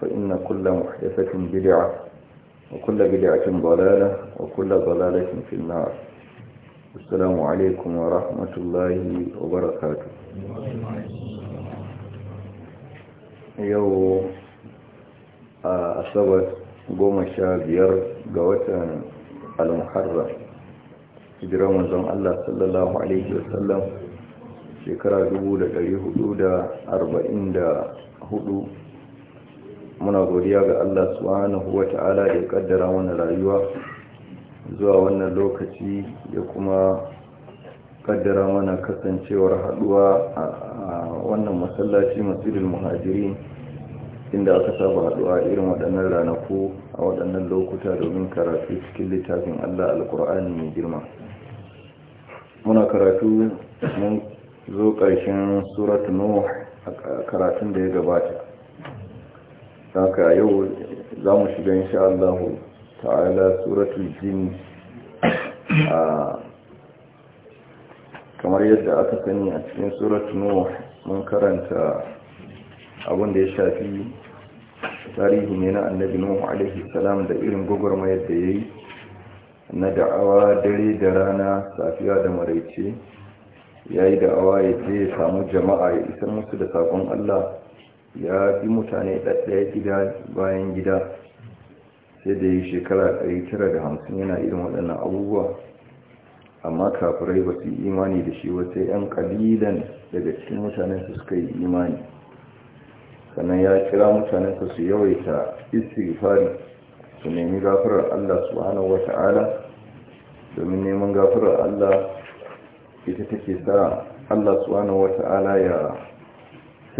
فإن كل محدثة بدعة وكل بدعة ضلالة وكل ضلالة في النار السلام عليكم ورحمة الله وبركاته يو أصبت قوم الشابير قوة المحرم hijirar manzon Allah sallallahu Alaihi wasallam shekara hudu muna godiya ga Allah subhanahu wa ta'ala da ya kaddara mana rayuwa zuwa wannan lokaci ya kuma kaddara mana kasancewar haduwa a wannan masallaci masjidul muhajiri inda aka saba haduwa irin waɗannan ranaku a waɗannan lokuta domin karatu cikin littafin Allah alkur'ani mai girma muna karatu mun zo ƙarshen surat nuh a karatun da ya gabata haka yau za mu shiga insha Allah ta'ala suratul jin a kamar yadda aka sani a cikin suratul nuh mun karanta abin da ya shafi tarihi ne na annabi nuhu alaihi salam da irin gwagwarmayar da yayi na da'awa dare da rana safiya da maraice yayi da'awa ya je ya samu jama'a ya isar musu da sakon Allah ya fi mutane ɗaɗɗaya gida bayan gida sai da yi shekara 950 yana irin waɗannan abubuwa amma kafirai ba su yi imani da shi wata 'yan ƙalilan daga cikin su suka yi imani sannan ya kira mutanensa su yawaita istighfari su nemi gafarar Allah subhanahu wata'ala domin neman gafarar Allah ita take sa Allah subhanahu wata'ala ya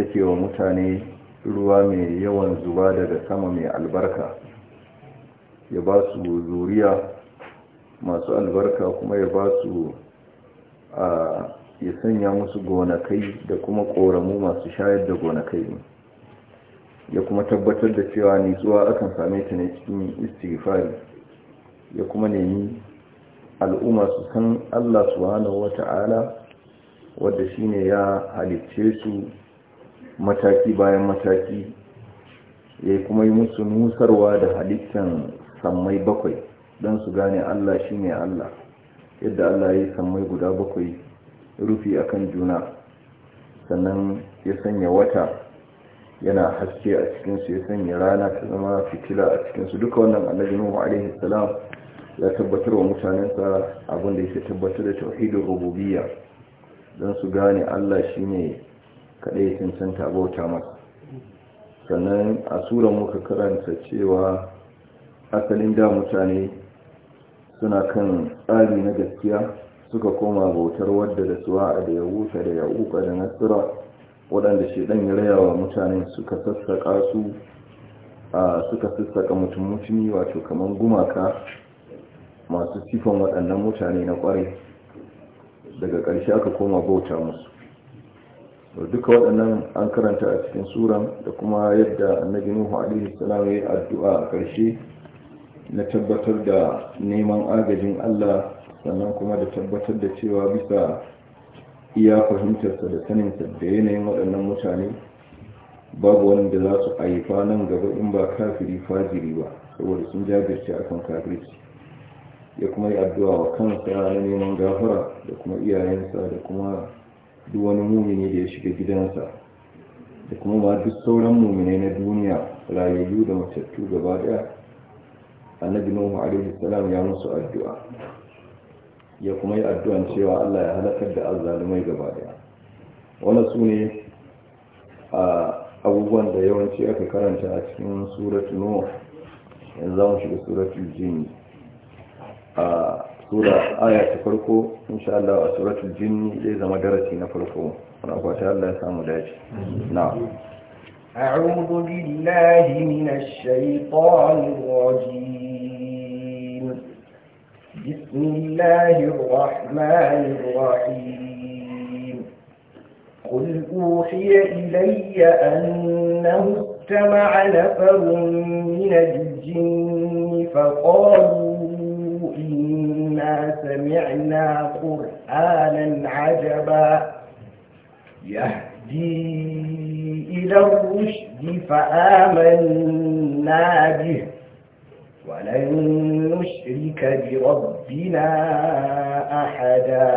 take wa mutane ruwa mai yawan zuba daga sama mai albarka ya ba su zuriya masu albarka kuma ya ba su a ya sanya musu gonakai da kuma koramu masu shayar da gonakai ya kuma tabbatar da cewa nitsuwa akan same ta ne cikin istighfari ya kuma nemi al'umma su san Allah subhanahu wata'ala wadda shine ya halicce su mataki bayan mataki ya kuma yi musu nusarwa da halittar sammai bakwai don su gane Allah shi ne Allah yadda Allah ya yi sammai guda bakwai rufi akan juna sannan ya sanya wata yana haske a cikinsu ya sanya rana ta zama fitila a cikinsu duka wannan annabi wa alaihi salam ya tabbatar wa mutanensa abinda da yake tabbatar da tawhidin rububiyya don su gane Allah shine kaɗai cancanta bauta masa sannan a sura muka karanta cewa asalin da mutane suna kan tsari na gaskiya suka koma bautar wadda da suwa da ya wuce da ya uka da nasira waɗanda shi ɗan ya rayawa mutane suka sassaƙa su suka sassaƙa mutum mutumi wato kamar gumaka masu sifan waɗannan mutane na ƙwarai daga ƙarshe aka koma bauta musu duka waɗannan an karanta a cikin suran da kuma yadda annabi nuhu alaihi salam ya addu'a a ƙarshe na tabbatar da neman agajin Allah sannan kuma da tabbatar da cewa bisa iya fahimtarsa da saninsa da yanayin waɗannan mutane babu wanda za su haifa nan gaba in ba kafiri fajiri ba saboda sun jajirce akan kafirci ya kuma yi addu'a wa kansa na neman gafara da kuma iyayensa da kuma duk wani mumini da ya shiga gidansa da kuma ba duk sauran muminai na duniya rayayyu da matattu gaba daya annabi nuhu alaihi salam ya musu addu'a ya kuma yi addu'an cewa Allah ya halakar da azzalumai gaba daya wannan ne a abubuwan da yawanci aka karanta a cikin suratu nuh yanzu za mu shiga suratu jini a سورة آية فرقو إن شاء الله سورة الجن إذا ما جرتنا فرقو رب شاء الله سام نعم أعوذ بالله من الشيطان الرجيم بسم الله الرحمن الرحيم قل أوحي إلي أنه اجتمع نفر من الجن فقالوا إنا سمعنا قرآنا عجبا يهدي إلى الرشد فآمنا به ولن نشرك بربنا أحدا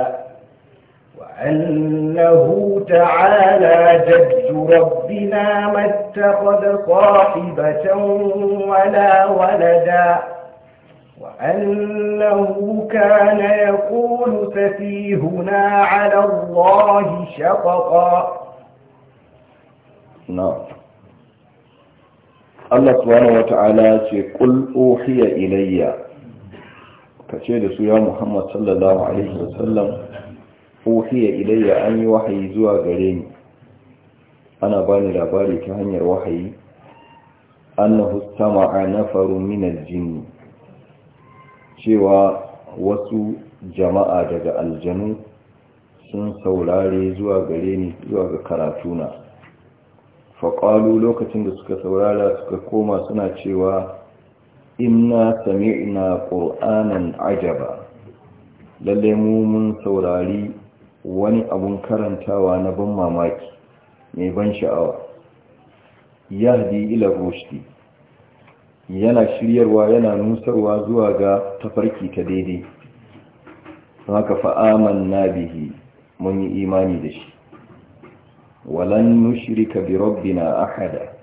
وأنه تعالى جد ربنا ما اتخذ صاحبة ولا ولدا أنه كان يقول سفيهنا على الله شططا نعم Allah subhanahu wata'ala ce kul uhiya ilayya kace da su ya Muhammad sallallahu alaihi wa wasallam uhiya ilayya an yi wahayi zuwa gare ni ana bani labari ta hanyar wahayi annahu sama'a nafaru min al-jinn cewa wasu jama'a daga aljanu sun saurare zuwa gare ni zuwa ga karatuna faƙalu lokacin da suka saurara suka koma suna cewa inna sami'na ƙur'anan ajaba lalle mu mun saurari wani abun karantawa na ban mamaki mai ban sha'awa yahdi ila rushdi yana shiryarwa yana nusarwa zuwa ga tafarki ta daidai haka fa'aman na bihi mun yi imani da shi walan nushirika bi na ahada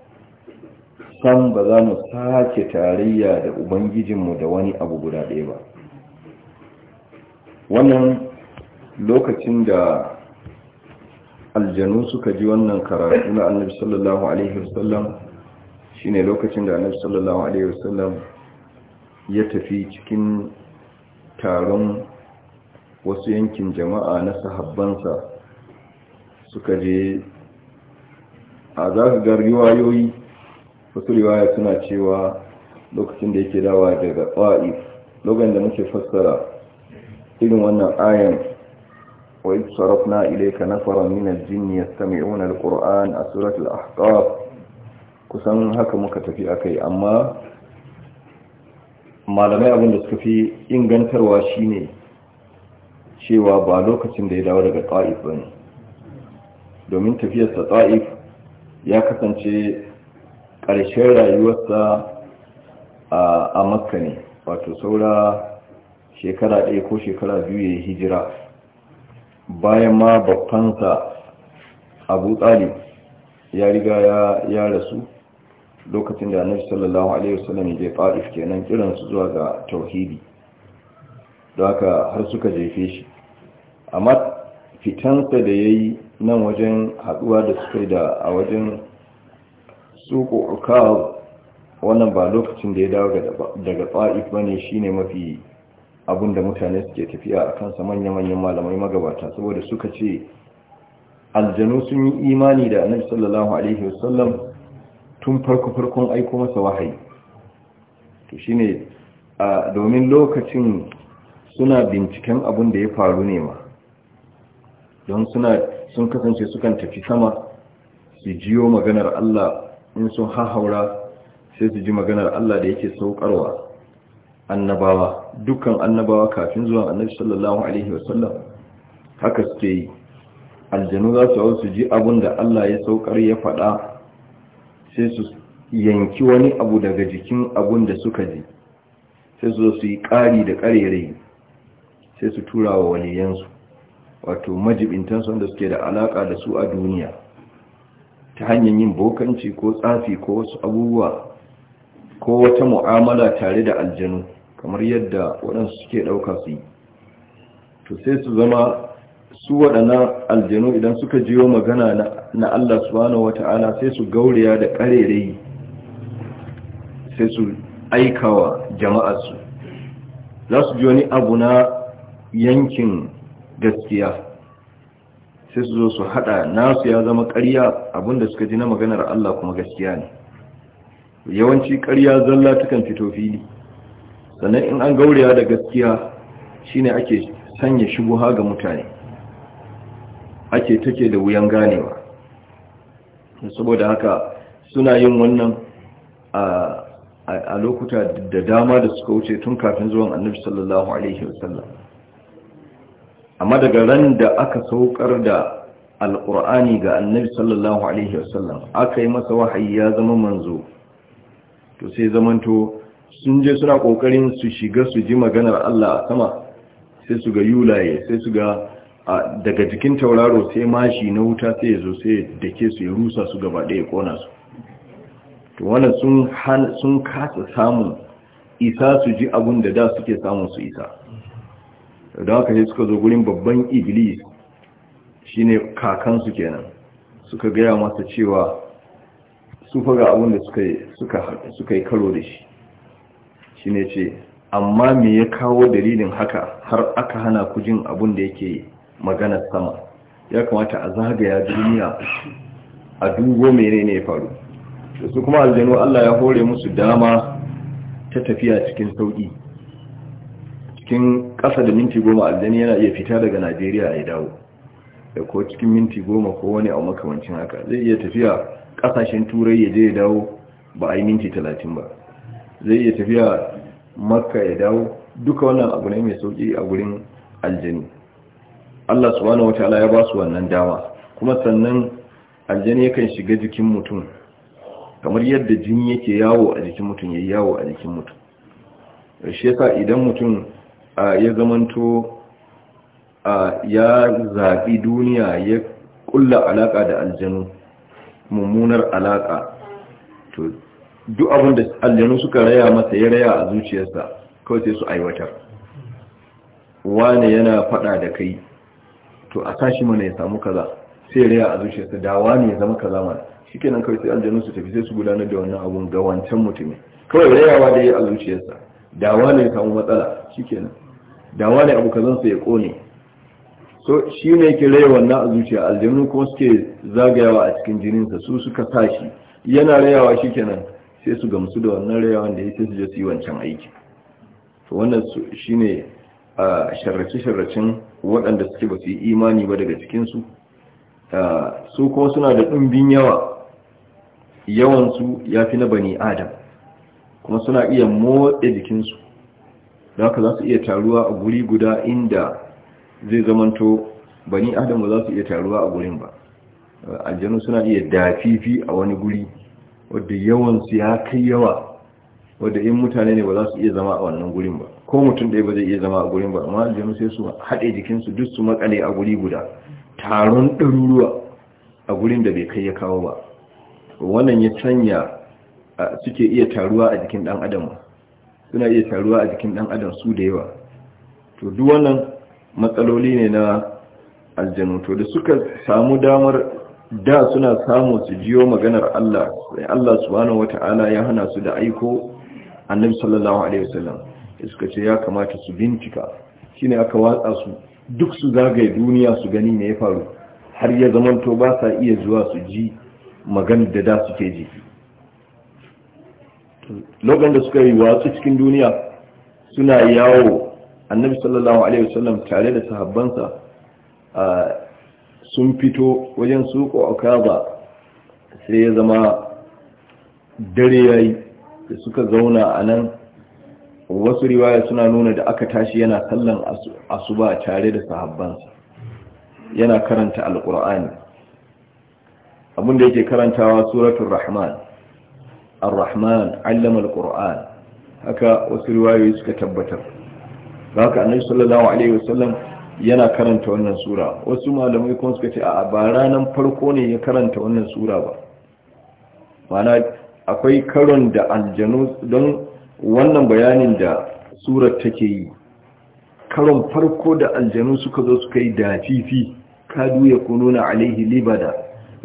san ba za mu sake tarayya da ubangijinmu da wani abu guda ɗaya ba wannan lokacin da aljanu suka ji wannan karatu na annabi sallallahu alaihi wasallam shine lokacin da annabi sallallahu alaihi wasallam ya tafi cikin taron wasu yankin jama'a na sahabbansa suka je a za ga riwayoyi wasu riwaya suna cewa lokacin da yake dawa daga ƙwa'i lokacin da muke fassara irin wannan ayan wa ka na nafaran jini ya jinni yastami'una al-qur'an a suratul ahqaf kusan haka muka tafi yi amma malamai abinda suka fi ingantarwa shine cewa ba lokacin da ya dawo daga ta'if ba ne domin tafiyarsa ta'if ya kasance ƙarshen rayuwarsa a makka ne wato saura shekara ɗaya ko shekara biyu ya hijira bayan ma babbansa abu talib ya riga ya rasu lokacin da annabi sallallahu alaihi wasallam ya je Taif kenan kiran su zuwa ga tauhidi don haka har suka jefe shi amma fitansa da yayi nan wajen haduwa da suka da a wajen suku ka wannan ba lokacin da ya dawo daga Taif bane shine mafi abun da mutane suke tafiya a kansa manya-manyan malamai magabata saboda suka ce aljanu sun yi imani da annabi sallallahu alaihi wasallam tun farko farkon aiko masa wahayi to shine domin lokacin suna binciken abin da ya faru ne ma don suna sun kasance sukan tafi sama su jiyo maganar Allah in sun hahaura sai su ji maganar Allah da yake saukarwa annabawa dukkan annabawa kafin zuwan annabi sallallahu alaihi wasallam haka suke yi aljanu za su hau su ji abin da Allah ya saukar ya faɗa sai su yanki wani abu daga jikin abun da suka ji sai su su yi ƙari da ƙarerai sai su tura wa waliyansu wato majibintansu wanda suke da alaƙa da su a duniya ta hanyar yin bokanci ko tsafi ko wasu abubuwa ko wata mu'amala tare da aljanu kamar yadda waɗansu suke ɗauka su yi to sai su zama su waɗannan aljanu idan suka jiyo magana na na Allah subhanahu wata'ala sai su gauraya da karerai sai su aikawa jama'arsu za su ji wani abu na yankin gaskiya sai su zo su hada nasu ya zama ƙarya abinda suka ji na maganar Allah kuma gaskiya ne yawanci ƙarya zalla fito fili sannan in an gauraya da gaskiya shine ake sanya shubuha ga mutane ake take da wuyan ganewa saboda haka suna yin wannan a lokuta da dama da suka wuce tun kafin zuwan annabi sallallahu alaihi wasallam amma daga ran da aka saukar da alkur'ani ga annabi sallallahu alaihi wasallam aka yi masa wahayi ya zama manzo to sai zamanto sun je suna kokarin su shiga su ji maganar Allah a sama sai su ga yulaye sai su ga daga jikin tauraro sai mashi na wuta sai ya zo sai da ke su ya rusa su gaba ɗaya ƙona su to sun kasa samun isa su ji abin da da suke samu su isa da haka sai suka zo gurin babban iblis shine kakansu kenan suka gaya masa cewa su faga abin da suka yi karo da shi shine ce amma me ya kawo dalilin haka har aka hana ku jin abin da yake yi. maganar sama ya kamata a zagaya duniya a dubo menene ya faru da su kuma aljanu Allah ya hore musu dama ta tafiya cikin sauki cikin ƙasa da minti goma aljani yana iya fita daga Najeriya ya dawo da ko cikin minti goma ko wani a makamancin haka zai iya tafiya ƙasashen turai ya je ya dawo ba a yi minti talatin ba zai iya tafiya makka ya dawo duka wannan abu ne mai sauki a gurin aljani Allah subhanahu wataala ya ba su wannan dama kuma sannan aljani yakan shiga jikin mutum kamar yadda jini yake yawo a jikin mutum yi yawo a jikin mutum shi yasa idan mutum ya zamanto ya zaɓi duniya ya ƙulla alaƙa da aljanu mummunar alaƙa to duk abin da aljanu suka raya masa ya raya a zuciyarsa kawai sai su aiwatar wane yana faɗa da kai to a tashi mana ya samu kaza sai riya a ta dawa ne ya zama kaza mana shikenan kawai sai aljanu su tafi sai su gudanar da wannan abun ga wancan mutumin kawai rayawa da ya a zuciyarsa dawa ne ya samu matsala shikenan dawa ne abu kazan su ya kone so shi ne yake raya wannan a zuciya aljanu kuma suke zagayawa a cikin jininsa su suka tashi yana rayawa shikenan sai su gamsu da wannan rayawan da ya sai su je su yi wancan aiki to wannan ne. a sharrace-sharracen waɗanda suke ba su yi imani ba daga cikinsu su ko suna da ɗumbin yawa yawansu ya fi na bani adam kuma suna iya motsa jikinsu da haka za su iya taruwa a guri guda inda zai zamanto bani adam ba za su iya taruwa a gurin ba aljanu suna iya dafifi a wani guri wadda yawansu ya kai yawa wadda in mutane ne ba za su iya zama a wannan gurin ba ko mutum ɗaya ba zai iya zama a gurin ba amma aljanu sai su haɗe jikinsu duk su makale a guri guda taron ɗaruruwa a gurin da bai kai ya kawo ba wannan ya canya suke iya taruwa a jikin ɗan adam suna iya taruwa a jikin ɗan adam su da yawa to duk wannan matsaloli ne na aljanu to da suka samu damar da suna samu su jiyo maganar Allah sai Allah subhanahu wata'ala ya hana su da aiko annabi sallallahu alaihi wasallam suka ce ya kamata su bincika shine aka watsa su duk su zagaye duniya su gani ne ya faru har ya to ba sa iya zuwa su ji magana da da suke ji logan da suka yi watsu cikin duniya suna yawo annabi sallallahu alaihi wasallam tare da sahabbansa sun fito wajen suko a kaba sai ya zama dare yayi da suka zauna a nan wasu riwaya suna nuna da aka tashi yana sallan asuba tare da sahabbansa yana karanta alkur'ani abinda yake karantawa suratul rahman ar-rahman allama alkur'an haka wasu riwayoyi suka tabbatar haka annabi sallallahu alaihi wasallam yana karanta wannan sura wasu malamai kuma suka ce a ba ranan farko ne ya karanta wannan sura ba mana akwai karon da aljanu don wannan bayanin da surar take yi karon farko da aljanu suka zo suka yi dafifi kadu ya kununa alaihi libada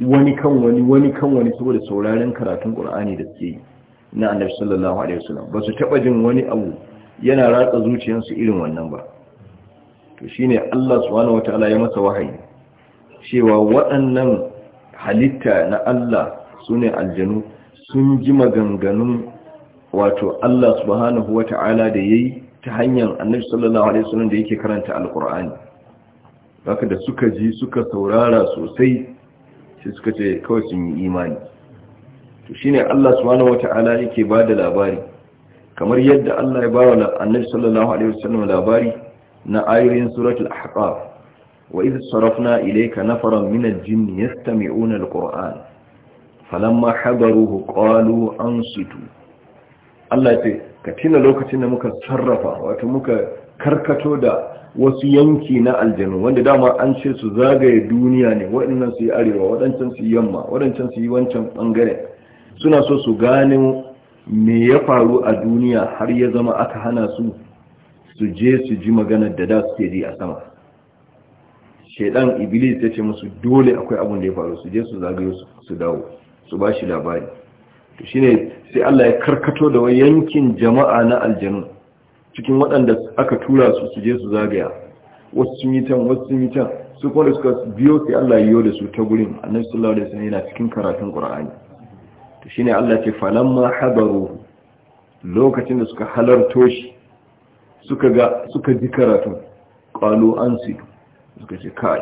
wani kan wani wani kan wani saboda sauraren karatun qur'ani da suke yi na annabi sallallahu alaihi wasallam ba su taba jin wani abu yana ratsa zuciyarsu irin wannan ba to shine Allah subhanahu wataala ya masa wahayi cewa waɗannan halitta na Allah sune aljanu sun ji maganganun wato Allah subhanahu ta'ala da yayi ta hanyar Annabi sallallahu alaihi wasallam da yake karanta alqur'ani haka da suka ji suka saurara sosai sai suka ce kawai sun yi imani to shine Allah subhanahu wata'ala yake bada labari kamar yadda Allah ya bawa Annabi sallallahu alaihi wasallam labari na ayoyin suratul ahqaf wa idh sarafna ilayka nafaran min al-jinni yastami'una al-qur'an falamma hadaruhu qalu ansitu Allah ya ce ka tina lokacin da muka sarrafa wato muka karkato da wasu yanki na aljanu wanda dama an ce su zagaye duniya ne waɗannan su yi arewa waɗancan su yi yamma waɗancan su yi wancan ɓangare suna so su gane me ya faru a duniya har ya zama aka hana su su je su ji maganar da da suke ji a sama shaidan iblis ya ce musu dole akwai abin da ya faru su je su zagaye su dawo su ba shi labari to shine sai Allah ya karkato da wani yankin jama'a na aljanu cikin waɗanda aka tura su su je su zagaya wasu sun yi can wasu sun yi can su kuma da suka biyo sai Allah yiwo da su ta gurin annabi sallallahu alaihi wasallam yana cikin karatun qur'ani to shine Allah ce falamma habaru lokacin da suka halarto shi suka ga suka ji karatun qalu ansi suka ce kai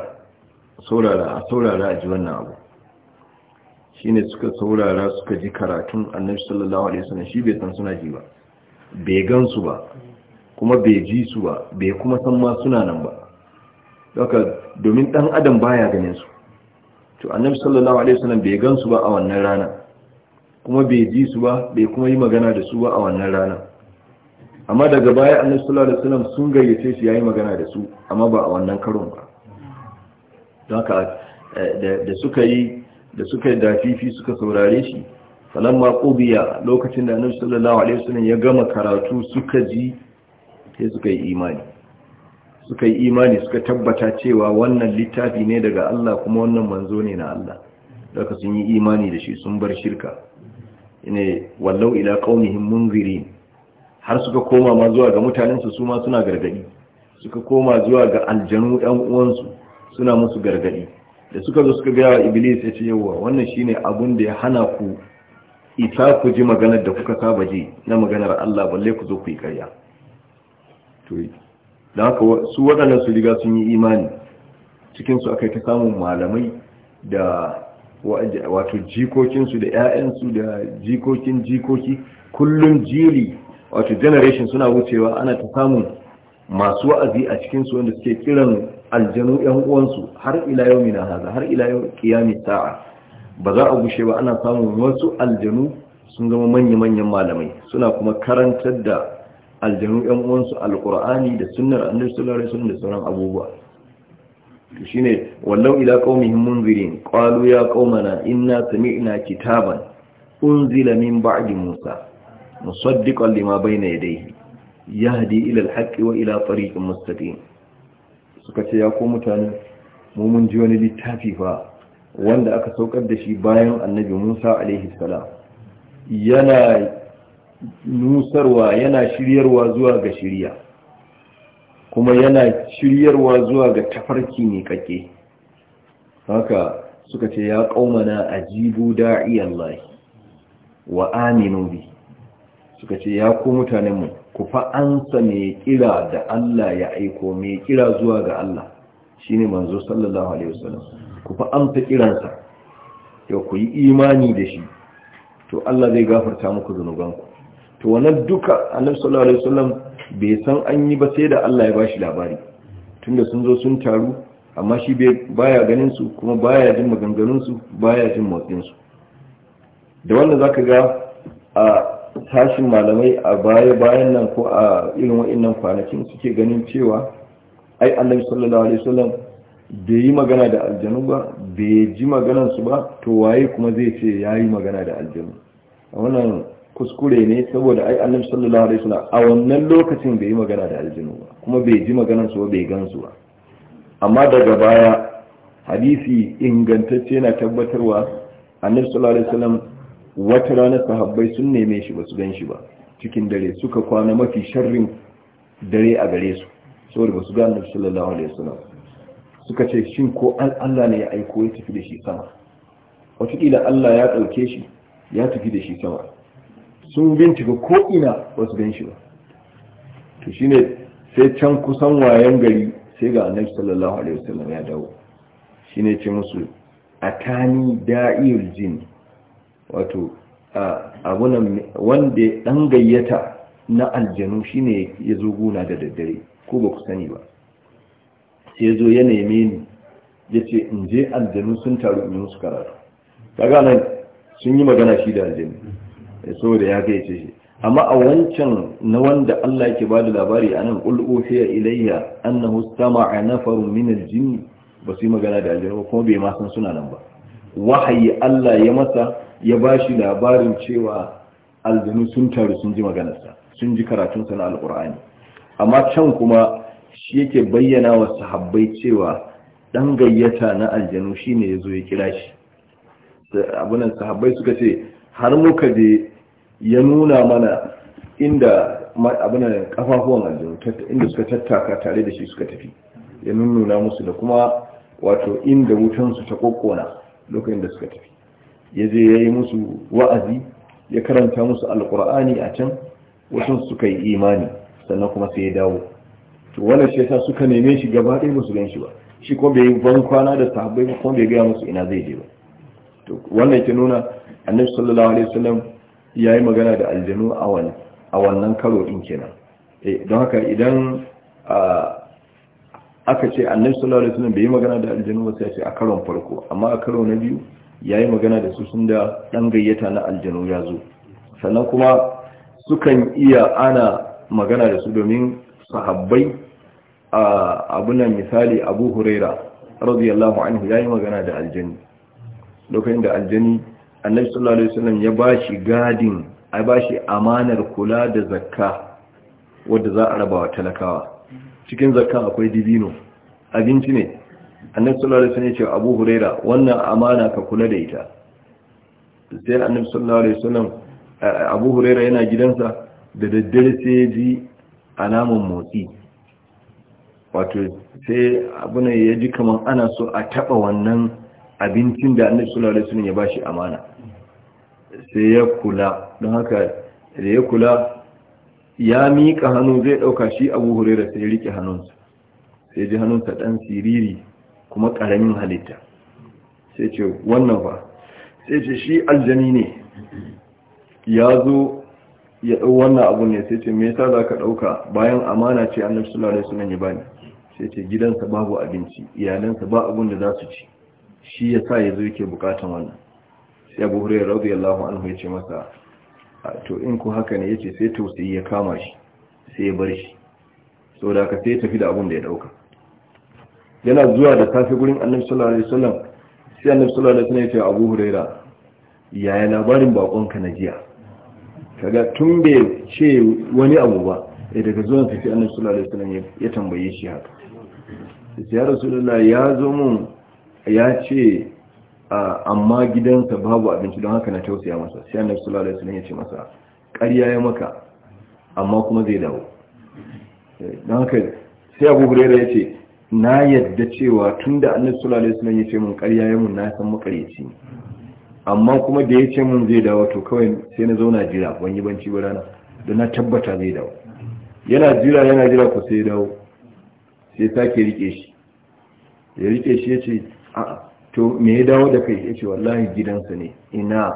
saurara a saurara ji wannan abu ne suka saurara suka ji karatun annabi sallallahu alaihi wasallam shi bai san suna ji ba bai gansu ba kuma bai ji su ba bai kuma san ma suna nan ba haka domin dan adam baya ganin su to annabi sallallahu alaihi wasallam bai su ba a wannan rana kuma bai ji su ba bai kuma yi magana da su ba a wannan rana amma daga baya annabi sallallahu alaihi wasallam sun gayyace shi yayi magana da su amma ba a wannan karon ba don haka eh, da suka yi da suka yi dafifi suka saurare shi falamma qubiya lokacin da annabi sallallahu alaihi wasallam ya gama karatu suka ji sai suka yi imani suka yi imani suka tabbata cewa wannan littafi ne daga Allah kuma wannan manzo ne na Allah daga sun yi imani da shi sun bar shirka ne wallau ila qaumihim munzirin har suka koma ma zuwa ga mutanen su su ma suna gargadi suka koma zuwa ga aljanu ɗan uwansu suna musu gargadi da suka zo suka gaya iblis ya ce yawa wannan shine abun da ya hana ku ita ku ji maganar da kuka saba ji na maganar Allah balle ku zo ku yi karya to da haka su waɗannan su riga sun yi imani cikin su aka ta samun malamai da wato jikokinsu da 'ya'yansu da jikokin jikoki kullum jiri wato generation suna wucewa ana ta samun masu wa'azi a cikinsu wanda suke kiran aljanu ƴan uwansu har ila yau mina haza har ila yau kiyami sa'a ba za a gushe ba ana samun wasu aljanu sun zama manya-manyan malamai suna kuma karantar da aljanu ƴan uwansu alqur'ani da sunnar annabi sallallahu alaihi wasallam da sauran abubuwa to shine wallau ila qaumihim munzirin qalu ya qaumana inna sami'na kitaban unzila min ba'di musa musaddiqan lima bayna yadayhi yahdi ila al wa ila tariqin mustaqim suka ce ya ko mutane mu mun ji wani littafi fa wanda aka saukar da shi bayan annabi Musa alaihi salam yana nusarwa yana shiryarwa zuwa ga shirya kuma yana shiryarwa zuwa ga tafarki ne kake haka suka ce ya kaumana ajibu da'iyallahi wa aminu bi suka ce ya ku mutanenmu ku fa ansa mai kira da Allah ya aiko mai kira zuwa ga Allah shine manzo sallallahu alaihi wasallam ku fa amsa kiransa to ku yi imani da shi to Allah zai gafarta muku zunubanku to wannan duka annabi sallallahu alaihi wasallam bai san an yi ba sai da Allah ya bashi labari tunda sun zo sun taru amma shi baya ganin su kuma baya jin maganganun baya jin motsinsu. su da wannan zaka ga a tashin malamai a baya-bayan nan ko a irin wa'innan kwanakin suke ganin cewa ai annabi sallallahu alaihi wasallam bai yi magana da aljanu ba bai ji su ba to waye kuma zai ce ya yi magana da aljanu a wannan kuskure ne saboda ai annabi sallallahu alaihi wasallam a wannan lokacin bai yi magana da aljanu ba kuma bai ji su ba bai gansu ba amma daga baya hadisi ingantacce na tabbatarwa annabi sallallahu alaihi wasallam wata ranar sahabbai sun neme shi ba su gan shi ba cikin dare suka kwana mafi sharrin dare a gare su saboda ba su gane nabi sallallahu alaihi wasallam suka ce shin ko Allah ne ya aiko ya tafi da shi sama kila Allah ya ɗauke shi ya tafi da shi sama sun bincika ko ina ba su gan shi ba to shine sai can kusan wayan gari sai ga annabi sallallahu alaihi wasallam ya dawo shine ce musu atani da'il jinn wato abunan wanda ɗan gayyata na aljanu shine ya zo guna da daddare ko ba ku sani ba sai zo ya neme ni ya ce in je aljanu sun taru in musu karatu kaga nan sun yi magana shi da aljanu saboda ya ga ce shi amma a wancan na wanda Allah yake bada labari anan qul uhiya ilayya annahu istama'a nafarun min aljinn ba su yi magana da aljanu kuma bai ma san suna nan ba wahayi Allah ya masa ya ba shi labarin cewa aljanu sun taru sun ji maganarsa sun ji karatunsa na alkur'ani amma can kuma shi yake bayyana wa sahabbai cewa ɗan gayyata na aljanu shine yazo ya kira shi abunan sahabbai suka ce har muka je ya nuna mana inda abunan kafafuwan aljanu inda suka tattaka tare da shi suka tafi ya nuna musu da kuma wato inda wutansu ta kokona lokacin da suka tafi ya je ya yi musu wa'azi ya karanta musu alkur'ani a can wasu suka yi imani sannan kuma sai ya dawo to wannan shi yasa suka neme shi gaba ɗaya musu gan shi ba shi kuma bai ban kwana da sahabbai ba kuma bai gaya musu ina zai je ba to wannan ke nuna annabi sallallahu alaihi wasallam ya yi magana da aljanu a wannan karo din kenan eh, don haka idan aka ce annabi sallallahu alaihi wasallam bai yi magana da aljanu ba sai a ce a karon farko amma a karo na biyu Ya yi magana da su sun da ɗan gayyata na aljanu ya zo sannan kuma sukan iya ana magana da su domin sahabbai abunan misali abu huraira radiyallahu anhu ya yi magana da aljani lokacin da aljani annabi sallallahu alaihi wasallam ya ba shi gadin a shi amanar kula da zakka wadda za a raba wa talakawa cikin zakka akwai dibino abinci ne annabi sallallahu alaihi wasallam ya ce abu huraira wannan amana ka kula da ita sai annabi sallallahu alaihi wasallam eh, abu huraira yana gidansa da daddare sai ji alamun motsi wato sai abu ne ya ji kamar ana so a taba wannan abincin da annabi sallallahu alaihi wasallam ya bashi amana sai ya kula don haka da ya kula ya mika hannu zai ɗauka shi abu hurera sai ya riƙe hannunsa sai ji hannunsa ɗan siriri kuma ƙaramin halitta sai ce wannan ba sai ce shi aljani ne ya zo ya ɗau wannan abu ne sai ce me yasa za ka ɗauka bayan amana ce annabi sallallahu alaihi wasallam ya bani sai ce gidansa babu abinci iyalansa ba abun da za su ci shi ya sa ya zo yake bukatan wannan sai abu hurairu radiyallahu anhu ya ce masa to in ku haka ne yace sai tausayi ya kama shi sai ya bar shi saboda ka sai tafi da abun da ya ɗauka yana zuwa da safe gurin annabi sallallahu alaihi wasallam sai annabi sallallahu alaihi wasallam ya ce abu huraira yaya labarin bakonka na jiya kaga tun bai ce wani abu ba ya eh, daga zuwan sai annabi sallallahu alaihi wasallam ya tambaye shi haka sai ya rasulullah ya zo mun ya ce amma gidansa babu abinci don haka na tausaya masa sai annabi sallallahu alaihi wasallam ya ce masa ƙarya ya maka amma kuma zai dawo eh, don haka sai abu hurairah ya ce na yadda cewa tun annabi sallallahu alaihi wasallam ya ce mun ƙarya ya mun na san makaryaci amma kuma da ya ce mun zai dawo to kawai sai na zauna jira ban yi banci ba rana don na tabbata zai dawo yana jira yana jira ko sai dawo sai sake rike shi ya rike shi ya ce a'a to me ya dawo da kai ya ce wallahi gidansa ne ina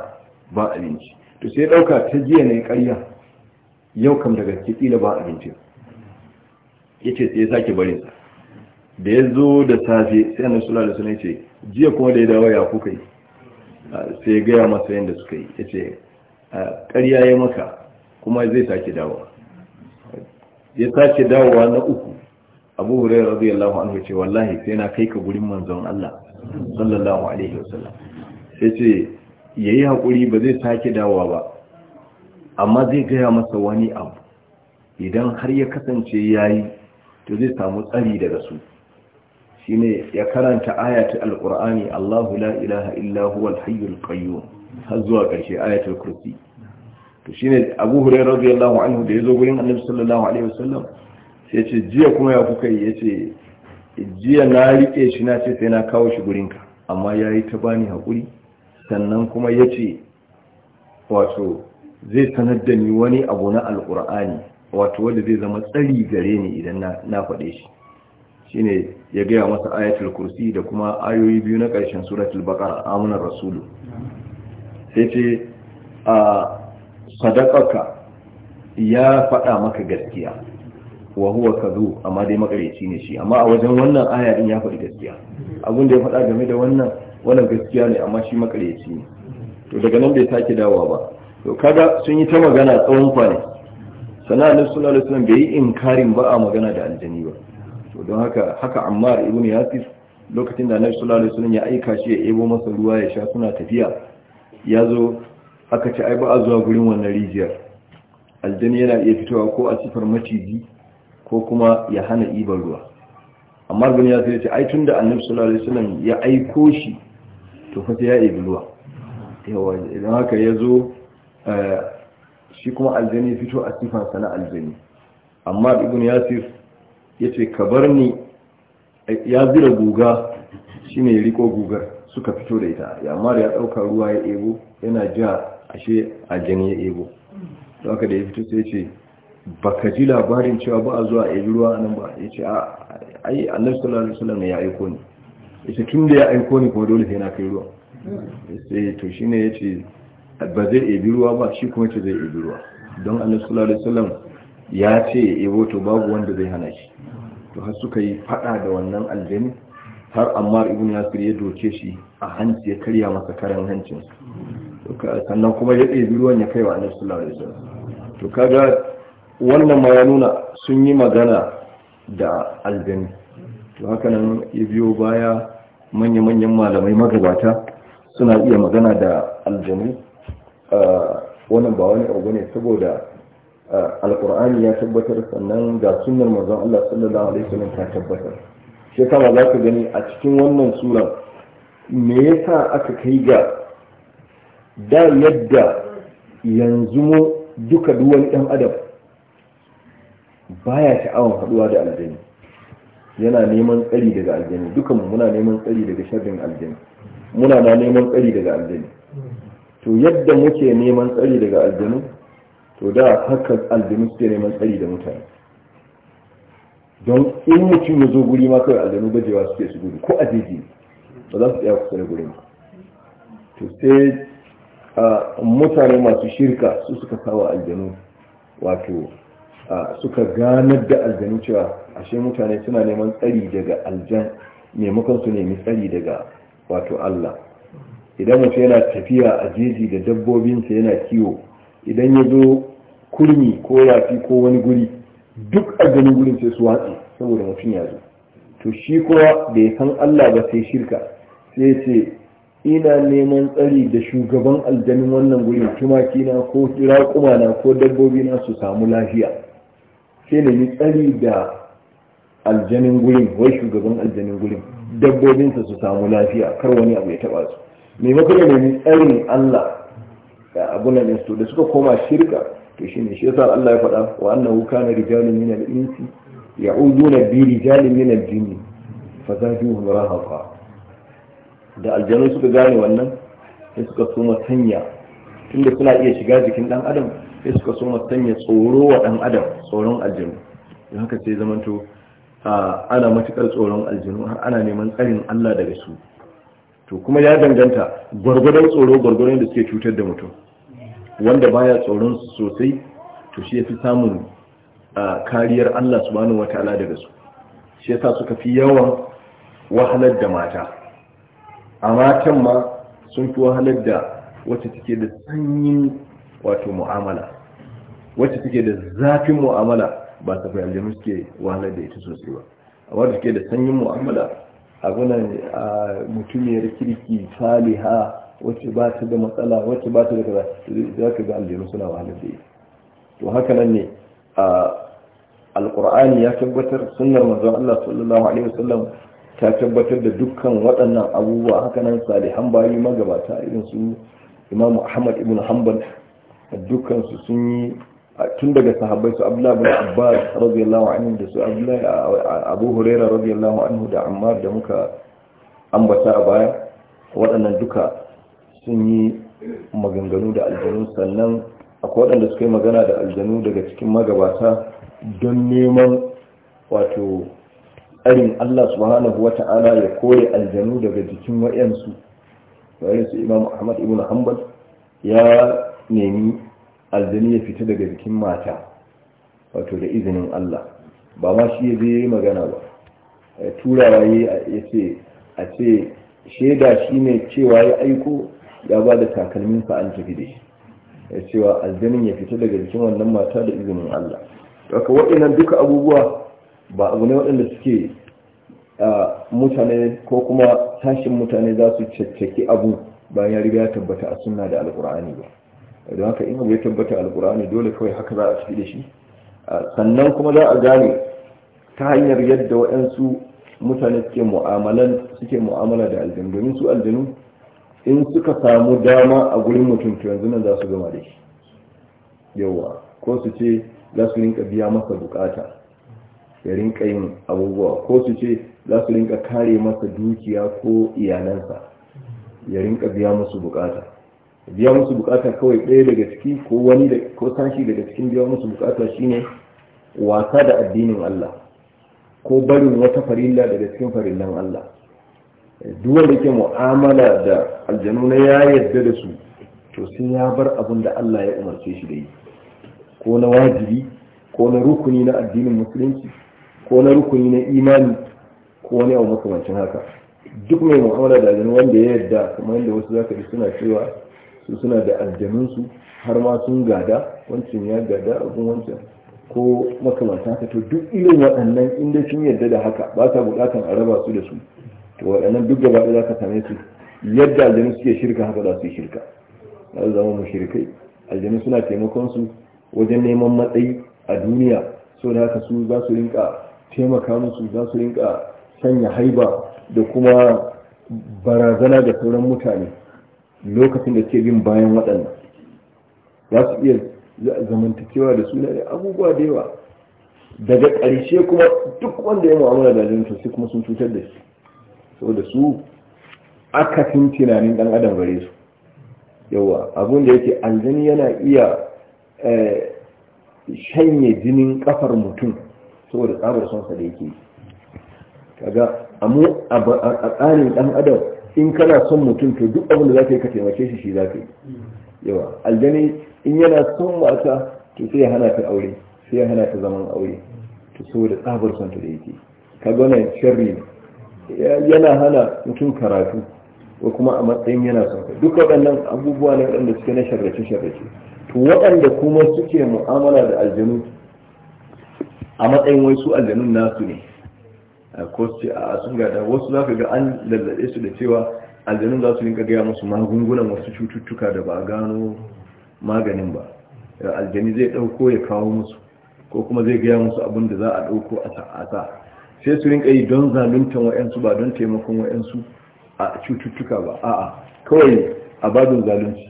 ba abinci to sai dauka ta jiya ne ƙarya yau kam daga kila ba abinci ya ce sai ya sake barinsa da ya zo da safe sai annabi sallallahu alaihi wasallam ce jiya kuma da ya dawo ya kuka yi ah, sai ya gaya masa yadda suka yi ya ce ah, ƙarya ya maka kuma zai sake dawo ya sake dawowa na uku abu hurairu radiyallahu anhu ce wallahi sai na kai ka gurin manzon Allah sallallahu alaihi wasallam sai ce yayi hakuri ba zai sake dawowa ba amma zai gaya masa wani abu idan har ya kasance yayi to zai samu tsari daga su shine ya karanta ayatul alqur'ani Allahu la ilaha illa huwal hayyul qayyum har zuwa karshe ayatul kursi to shine Abu Hurairah radiyallahu anhu da yazo gurin Annabi sallallahu alaihi wasallam sai ce jiya kuma ya kuka yi yace jiya na rike shi na ce sai na kawo shi gurin ka amma yayi ta bani hakuri sannan kuma yace wato zai sanar da ni wani abu na alqur'ani wato wanda zai zama tsari gare ni idan na faɗe shi shine ya gaya masa ayatul kursi da kuma ayoyi biyu na karshen suratul baqara amunar rasulu sai ce a sadaqaka ya faɗa maka gaskiya wa huwa amma dai makareci ne shi amma a wajen wannan aya din ya faɗi gaskiya abin da ya faɗa game da wannan wannan gaskiya ne amma shi makareci ne to daga nan bai sake dawowa ba to kaga sun yi ta magana tsawon kwane sana'a sallallahu alaihi wasallam bai yi inkarin ba a magana da aljani ba don haka haka ammar ibn yasir lokacin da annabi sallallahu alaihi wasallam ya aika shi ya ebo masa ruwa ya sha suna tafiya ya zo aka ci ai ba a zuwa gurin wannan rijiyar aljani yana iya fitowa ko a sifar maciji ko kuma ya hana ibar ruwa amma ibn yasir ya ce ai tunda annabi sallallahu alaihi wasallam ya aiko shi to fa sai ya ibi ruwa yawa idan haka ya zo eh, shi kuma aljani fito a sifar sana aljani amma ibn yasir ya ce ka bar ni ya zira guga shi ne riko gugar suka fito da ita yamar ya ɗauka ruwa ya ebo yana ja ashe a jini ya ebo da aka da ya fito sai ce ba ka ji labarin cewa ba a zuwa a yi ruwa nan ba ya ce ai annabi sallallahu alaihi wasallam ya aiko ni ya ce tun da ya aiko ni kuma dole sai na kai ruwa sai to shi ne ya ce ba zai ebi ruwa ba shi kuma ce zai ebi ruwa don annabi sallallahu alaihi wasallam ya ce ya ebo to babu wanda zai hana shi to har suka yi fada da wannan aljani har ammar ibn yasir ya doke shi a hanci ya karya masa karan hancin sannan kuma ya dai ruwan ya kai wa annabi sallallahu alaihi wasallam to kaga wannan ma ya nuna sun yi magana da aljani to haka nan ya biyo baya manya-manyan malamai magabata suna iya magana da aljanu ah, wannan ba wani abu ne saboda alkur'ani ya tabbatar sannan ga sunnar manzon Allah sallallahu alaihi wasallam ta tabbatar shi kama za ka gani a cikin wannan sura me yasa aka kai ga da yadda yanzu mu duka duwan dan adam baya sha'awan haɗuwa da aljani yana neman tsari daga aljani dukanmu muna neman tsari daga sharrin aljani muna na neman tsari daga aljani to yadda muke neman tsari daga aljani. to da haka aljanu suke neman tsari da mutane don in mutum ya zo guri ma kawai aljanu gajewa suke su gudu ko a jeji ba za su tsaya kusa da gurin to sai mutane masu shirka su suka kawo aljanu wato suka ganar da aljanu cewa ashe mutane suna neman tsari daga aljan maimakon su nemi tsari daga wato Allah idan mutum yana tafiya a jeji da dabbobinsa yana kiwo idan ya zo kurmi ko yafi ko wani guri duk a ganin gurin sai su watsi saboda mutum ya zo to shi kowa da ya san Allah ba sai shirka sai ce ina neman tsari da shugaban aljanin wannan gurin tumakina ko na, ko dabbobi na su samu lafiya sai na yi tsari da aljanin gurin wai shugaban aljanin guri, dabbobinsa su samu lafiya kar wani abu ya taɓa su maimakon da nemi tsarin Allah abunan insu da suka koma shirka to ne shi yasa Allah ya faɗa wa na kana rijalun min ya insi na bi rijalin fa za jinni fazaduhum rahaqa da aljanu suka gane wannan sai suka soma sanya tunda suna iya shiga jikin ɗan adam sai suka so sanya tsoro wa ɗan adam tsoron aljanu don haka sai zamanto ana matuƙar tsoron aljanu har ana neman tsarin Allah daga su to kuma ya danganta gwargwadon tsoro gwargwadon da suke cutar da mutum wanda baya tsoron su sosai to shi yafi samun kariyar Allah subhanahu wataala daga su shi yasa suka fi yawan wahalar da mata a matan ma sun fi wahalar da wacce take da sanyin wato mu'amala wacce take da zafin mu'amala ba ta fi aljanu suke wahalar da ita sosai ba a wadda take da sanyin mu'amala a gunan mutumiyar kirki saliha wacce ba ta da matsala wacce ba ta da kaza za ka ga aljanu suna wahalar da ita to haka nan ne a alkur'ani ya tabbatar sunnar manzon Allah sallallahu alaihi wasallam ta tabbatar da dukkan waɗannan abubuwa haka nan salihan bayi magabata irin su Imam Ahmad ibn Hanbal dukkan su sun yi tun daga sahabbai su Abdullah bin Abbas radiyallahu anhu da su Abdullah Abu Hurairah radiyallahu anhu da Ammar da muka ambata a baya waɗannan duka sun yi maganganu da aljanu sannan akwai waɗanda suka yi magana da aljanu daga cikin magabata don neman wato tsarin Allah subhanahu wa ta'ala ya kore aljanu daga jikin wa'yansu bayan su imam ahmad ibn hanbal ya nemi aljanu ya fita daga jikin mata wato da izinin Allah ba ma shi ya yi magana ba turawa ya ce a ce shaida shi ne cewa ya aiko ya ba da takalmin fa an tafi da shi ya cewa aljanin ya fita daga jikin wannan mata da izinin Allah daga waɗannan duka abubuwa ba abu ne waɗanda suke mutane ko kuma tashin mutane za su caccaki abu bayan ya riga ya tabbata a sunna da alkur'ani ba don haka in ya tabbata alkur'ani dole kawai haka za a tafi da shi sannan kuma za a gane ta hanyar yadda waɗansu mutane suke mu'amala da aljanu domin su aljanu in suka samu dama a gurin mutum to yanzu nan za su gama da shi yawa ko su ce za su rinka biya masa bukata ya rinka yin abubuwa ko su ce za su rinka kare masa dukiya ko iyalansa ya rinka biya musu bukata biya musu bukata kawai ɗaya daga ciki ko wani da ko sashi daga cikin biya musu bukata shine wasa da addinin Allah ko barin wata farilla daga cikin farillan Allah duwar da ke mu'amala da aljanu na ya yarda da su to sai ya bar abin da Allah ya umarce shi da yi ko na wajibi ko na rukuni na addinin musulunci ko na rukuni na imani ko wani abu makamancin haka duk mai mu'amala da aljanu wanda ya yadda kamar yadda wasu zaka ji suna cewa su suna da aljanunsu har ma sun gada wancan ya gada abin wancan ko makamanta haka to duk irin waɗannan inda sun yarda da haka ba ta buƙatar a raba su da su to waɗannan duk gaba za ka same su yadda aljanu suke shirka haka za su yi shirka za su zama mushrikai aljanu suna taimakon su wajen neman matsayi a duniya so da haka su za su rinka taimaka musu za su rinka sanya haiba da kuma barazana da sauran mutane lokacin da ke bin bayan waɗannan za su iya zamantakewa da suna da abubuwa da yawa daga ƙarshe kuma duk wanda ya mu'amala da aljanu to sai kuma sun cutar da shi saboda su aka fin tunanin dan adam gare su yawa abun da yake aljani yana iya eh, shanye jinin kafar mutum saboda tsabar sonsa da yake kaga amu a tsarin dan adam in kana son mutum to duk abin da za ka yi ka taimake shi shi za ka yi yawa aljani in yana son mata to sai ya hana ta aure sai ya hana ta zaman aure to saboda tsabar sonsa da yake kaga wannan sharri yana hana mutum karatu ko kuma a matsayin yana sauka duk waɗannan abubuwa ne waɗanda suke na sharrace-sharrace to waɗanda kuma suke mu'amala da aljanu a matsayin wai su aljanun nasu ne ko su a sun gada wasu za ka ga an lallaɗe su da cewa aljanun za su rinka gaya musu magungunan wasu cututtuka da ba a gano maganin ba aljani zai ɗauko ya kawo musu ko kuma zai gaya musu abin da za a ɗauko a ta'asa sai su rinka yi don zaluntan wa'yansu ba don taimakon wa'yansu a cututtuka ba a'a kawai a babin zalunci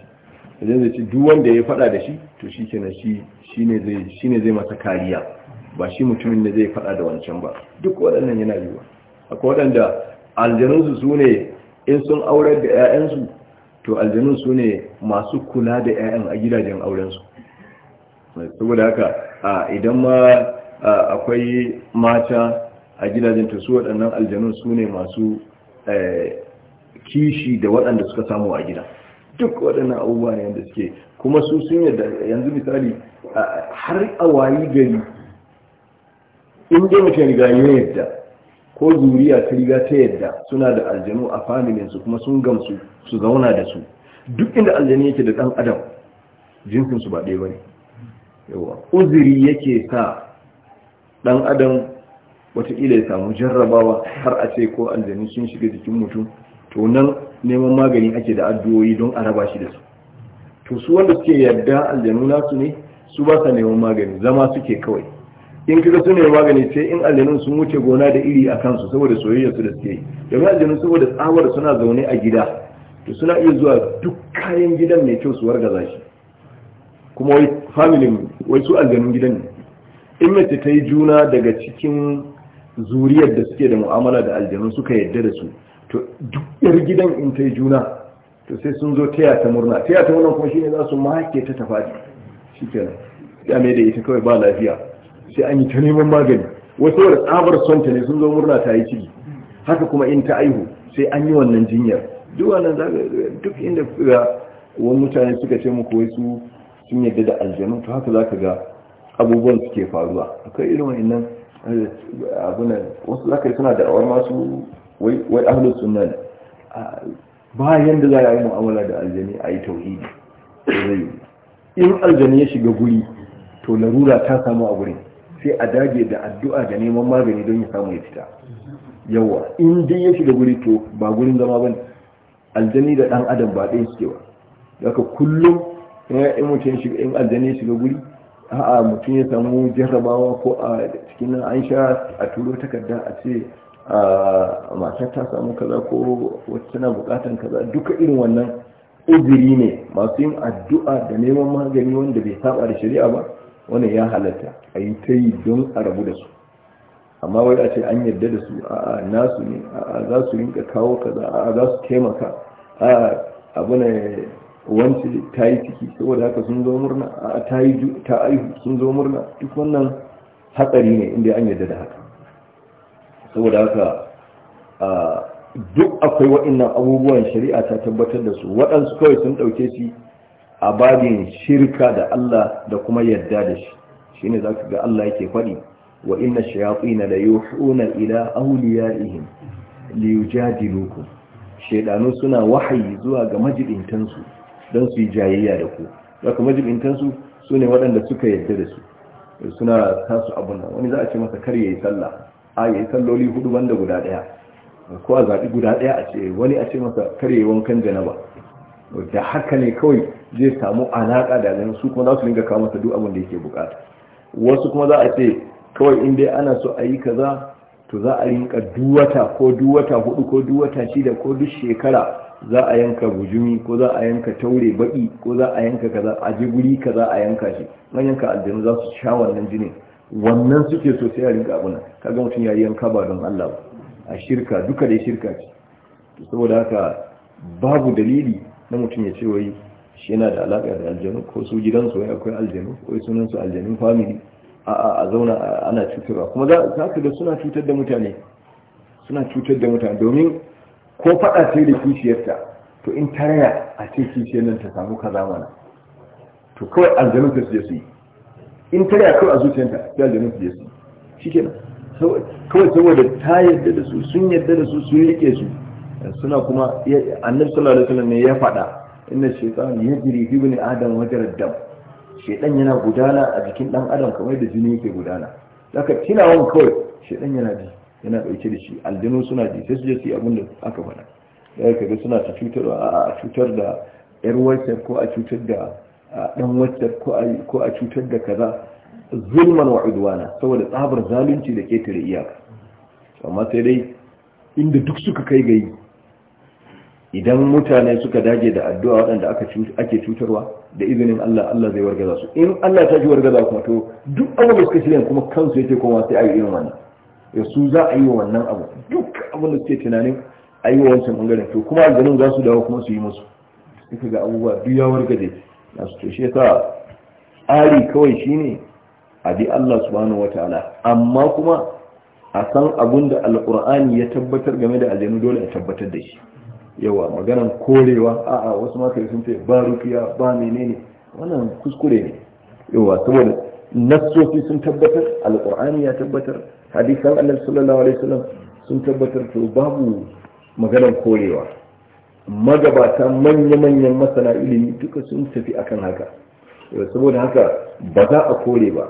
idan zai ci duk wanda ya faɗa da shi to shi kenan shi shine zai shine masa kariya ba shi mutumin da zai faɗa da wancan ba duk waɗannan yana yiwa akwai waɗanda aljanunsu su ne in sun aurar da 'ya'yansu to aljanun su ne masu kula da 'ya'yan a gidajen aurensu saboda haka idan ma akwai mata a gidajen ta su waɗannan aljanun su ne masu eh, kishi da waɗanda suka samu a gida duk waɗannan abubuwa ne yadda suke kuma su sun yadda yanzu misali har a wayi gari in dai riga ne yadda ko zuriya ta riga ta yadda suna da aljanu a familinsu kuma sun gamsu su zauna da su duk inda aljanu yake da ɗan adam jinsinsu ba ɗaya ba ne yawa uzuri yake sa ɗan adam wataƙila ya samu jarrabawa har a ce ko aljanu sun shiga jikin mutum to nan neman magani ake da addu'o'i don a raba shi da su to su wanda suke yarda aljanu nasu ne su ba sa neman magani zama suke kawai in kaga su neman magani sai in aljanu sun wuce gona da iri a kansu saboda soyayya su da suke yi domin aljanu saboda tsawar suna zaune a gida to suna iya zuwa duk kayan gidan mai kyau su wargaza shi kuma wai familin wai su aljanun gidan ne in mace ta yi juna daga cikin zuriyar da suke da mu'amala da aljanu suka yadda da su to duk yar gidan in ta juna to sai sun zo taya ta murna taya ta murna kuma shine za su mahaike ta Shi shikenan ya mai da ita kawai ba lafiya sai an yi ta neman magani wasu wadda tsabar son ta ne sun zo murna ta yi ciki haka kuma in ta aihu sai an yi wannan jinyar duk wannan zaga duk inda wani mutane suka ce muku wai su sun yadda da aljanu to haka zaka ga abubuwan suke faruwa akwai irin nan. abunan wasu zaka suna da awar masu wai ahlus sunna ne ba yanda za a yi mu'amala da aljani a yi tauhidi in aljani ya shiga guri to larura ta samu a gurin sai a dage da addu'a da neman magani don ya samu ya fita yawa in dai ya shiga guri to ba gurin zama ba ne aljani da ɗan adam ba ɗaya suke ba daga kullum in aljani ya shiga guri a'a mutum ya samu jarrabawa ko a cikin nan an sha a turo takarda a ce a matar ta samu kaza ko wata tana bukatan kaza duka irin wannan uziri ne masu yin addu'a da neman magani wanda bai saba da shari'a ba wannan ya halatta a yi ta yi don a rabu da su amma wai a ce an yarda da su a nasu ne a za su rinka kawo kaza a za su taimaka a abu ne wance ta yi ciki saboda haka sun zo murna a ta yi ta aihu sun zo murna duk wannan hatsari ne inda an yarda da haka saboda haka duk akwai waɗannan abubuwan shari'a ta tabbatar da su waɗansu kawai sun ɗauke shi a babin shirka da Allah da kuma yarda da shi shine zaka ga Allah yake faɗi wa inna shayatin la yuhuna ila awliyaihim liyujadilukum shaydanu suna wahayi zuwa ga majidintansu don su yi jayayya da ku za ka majibintansu su ne waɗanda suka yadda da su suna tasu abin nan wani za a ce masa kar ya yi sallah a ya yi salloli hudu banda guda ɗaya ko a zaɓi guda ɗaya a ce wani a ce masa kar ya yi wankan janaba da haka ne kawai zai samu alaƙa da zan su kuma za su dinga kawo masa duk abin da yake buƙata. wasu kuma za a ce kawai in dai ana so a yi kaza to za a rinka duwata ko duwata hudu ko duwata shida ko duk shekara za a yanka bujumi ko za a yanka taure baki ko za a yanka kaza a ji guri kaza a yanka shi an yanka aljanu za su sha wannan jinin wannan suke so sai a rinka abuna kaga mutum ya yanka ba don Allah a shirka duka dai shirka ce saboda haka babu dalili na mutum ya ce wai shi yana da alaƙa da aljanu ko su gidansu wai akwai aljanu wai sunansu aljanun family a a zauna ana cutarwa kuma za ka ga suna cutar da mutane suna cutar da mutane domin ko faɗa ce da kishiyarta to in ta raya a ce kishiyar nan ta samu kaza mana to kawai aljanun ta je su yi in ta raya kawai a zuciyarta sai aljanun ta je su yi ke kawai saboda ta yadda da su sun yadda da su sun rike su suna kuma annabi sallallahu alaihi wasallam ne ya faɗa inna shaytan yajri fi bani adam wajrad dam shaytan yana gudana a jikin dan adam kamar da jini yake gudana zaka tunawan kawai shaytan yana ji yana dauke da shi aljinu suna ji sai su je su yi abin da aka bana, ɗaya kaga suna ta cutar a cutar da yar whatsapp ko a cutar da dan whatsapp ko a cutar da kaza zulman wa udwana saboda tsabar zalunci da ketare iyaka amma sai dai inda duk suka kai gayi idan mutane suka dage da addu'a waɗanda ake cutarwa da izinin Allah Allah zai wargaza su in Allah ta ji wargaza kuma to duk abin da suka shirya kuma kansu yake koma sai a yi irin wannan ya su za a yi wannan abu duk abin da suke tunanin a yi wancan bangaren to kuma aljanun za su dawo kuma su yi musu suka ga abubuwa duk ya wargaje na su toshe ta yasa tsari kawai shine a bi Allah subhanahu ta'ala amma kuma a san abin da alƙur'ani ya tabbatar game da aljanu dole a tabbatar da shi yawa maganan korewa a wasu maka sun ce ba rukiya ba menene wannan kuskure ne yawa saboda nassosi sun tabbatar alƙur'ani ya tabbatar hadisan annabi sallallahu alaihi wasallam sun tabbatar to babu maganar korewa magabata manya-manyan masana ilimi duka sun tafi akan haka saboda haka ba za a kore ba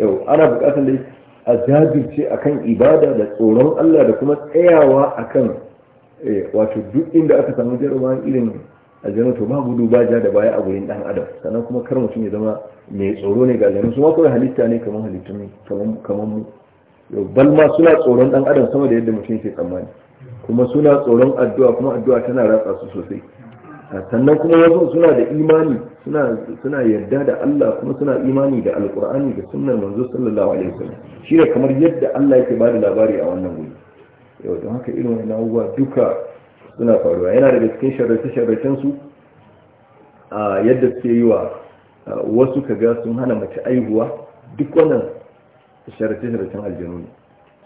yau ana bukatar da a jajirce akan ibada da tsoron Allah da kuma tsayawa akan eh, wato duk inda aka samu jarumawan ilimin aljanu to ba duba ba ja da baya a gurin dan adam sannan kuma kar mutum ya zama mai tsoro ne ga aljanu su ma halitta ne kamar halittun kamar mu bal ma suna tsoron dan adam sama da yadda mutum ke tsammani kuma suna tsoron addu'a kuma addu'a tana ratsa su sosai sannan kuma wasu suna da imani suna suna yarda da Allah kuma suna imani da alqur'ani da sunnar manzo sallallahu alaihi wasallam shi ne kamar yadda Allah yake bada labari a wannan wuri yau don haka irin wannan abubuwa duka suna faruwa yana daga cikin sharrace-sharracen su a yadda suke yi wa wasu kaga sun hana mace aihuwa duk wannan sharace-sharacen aljanu ne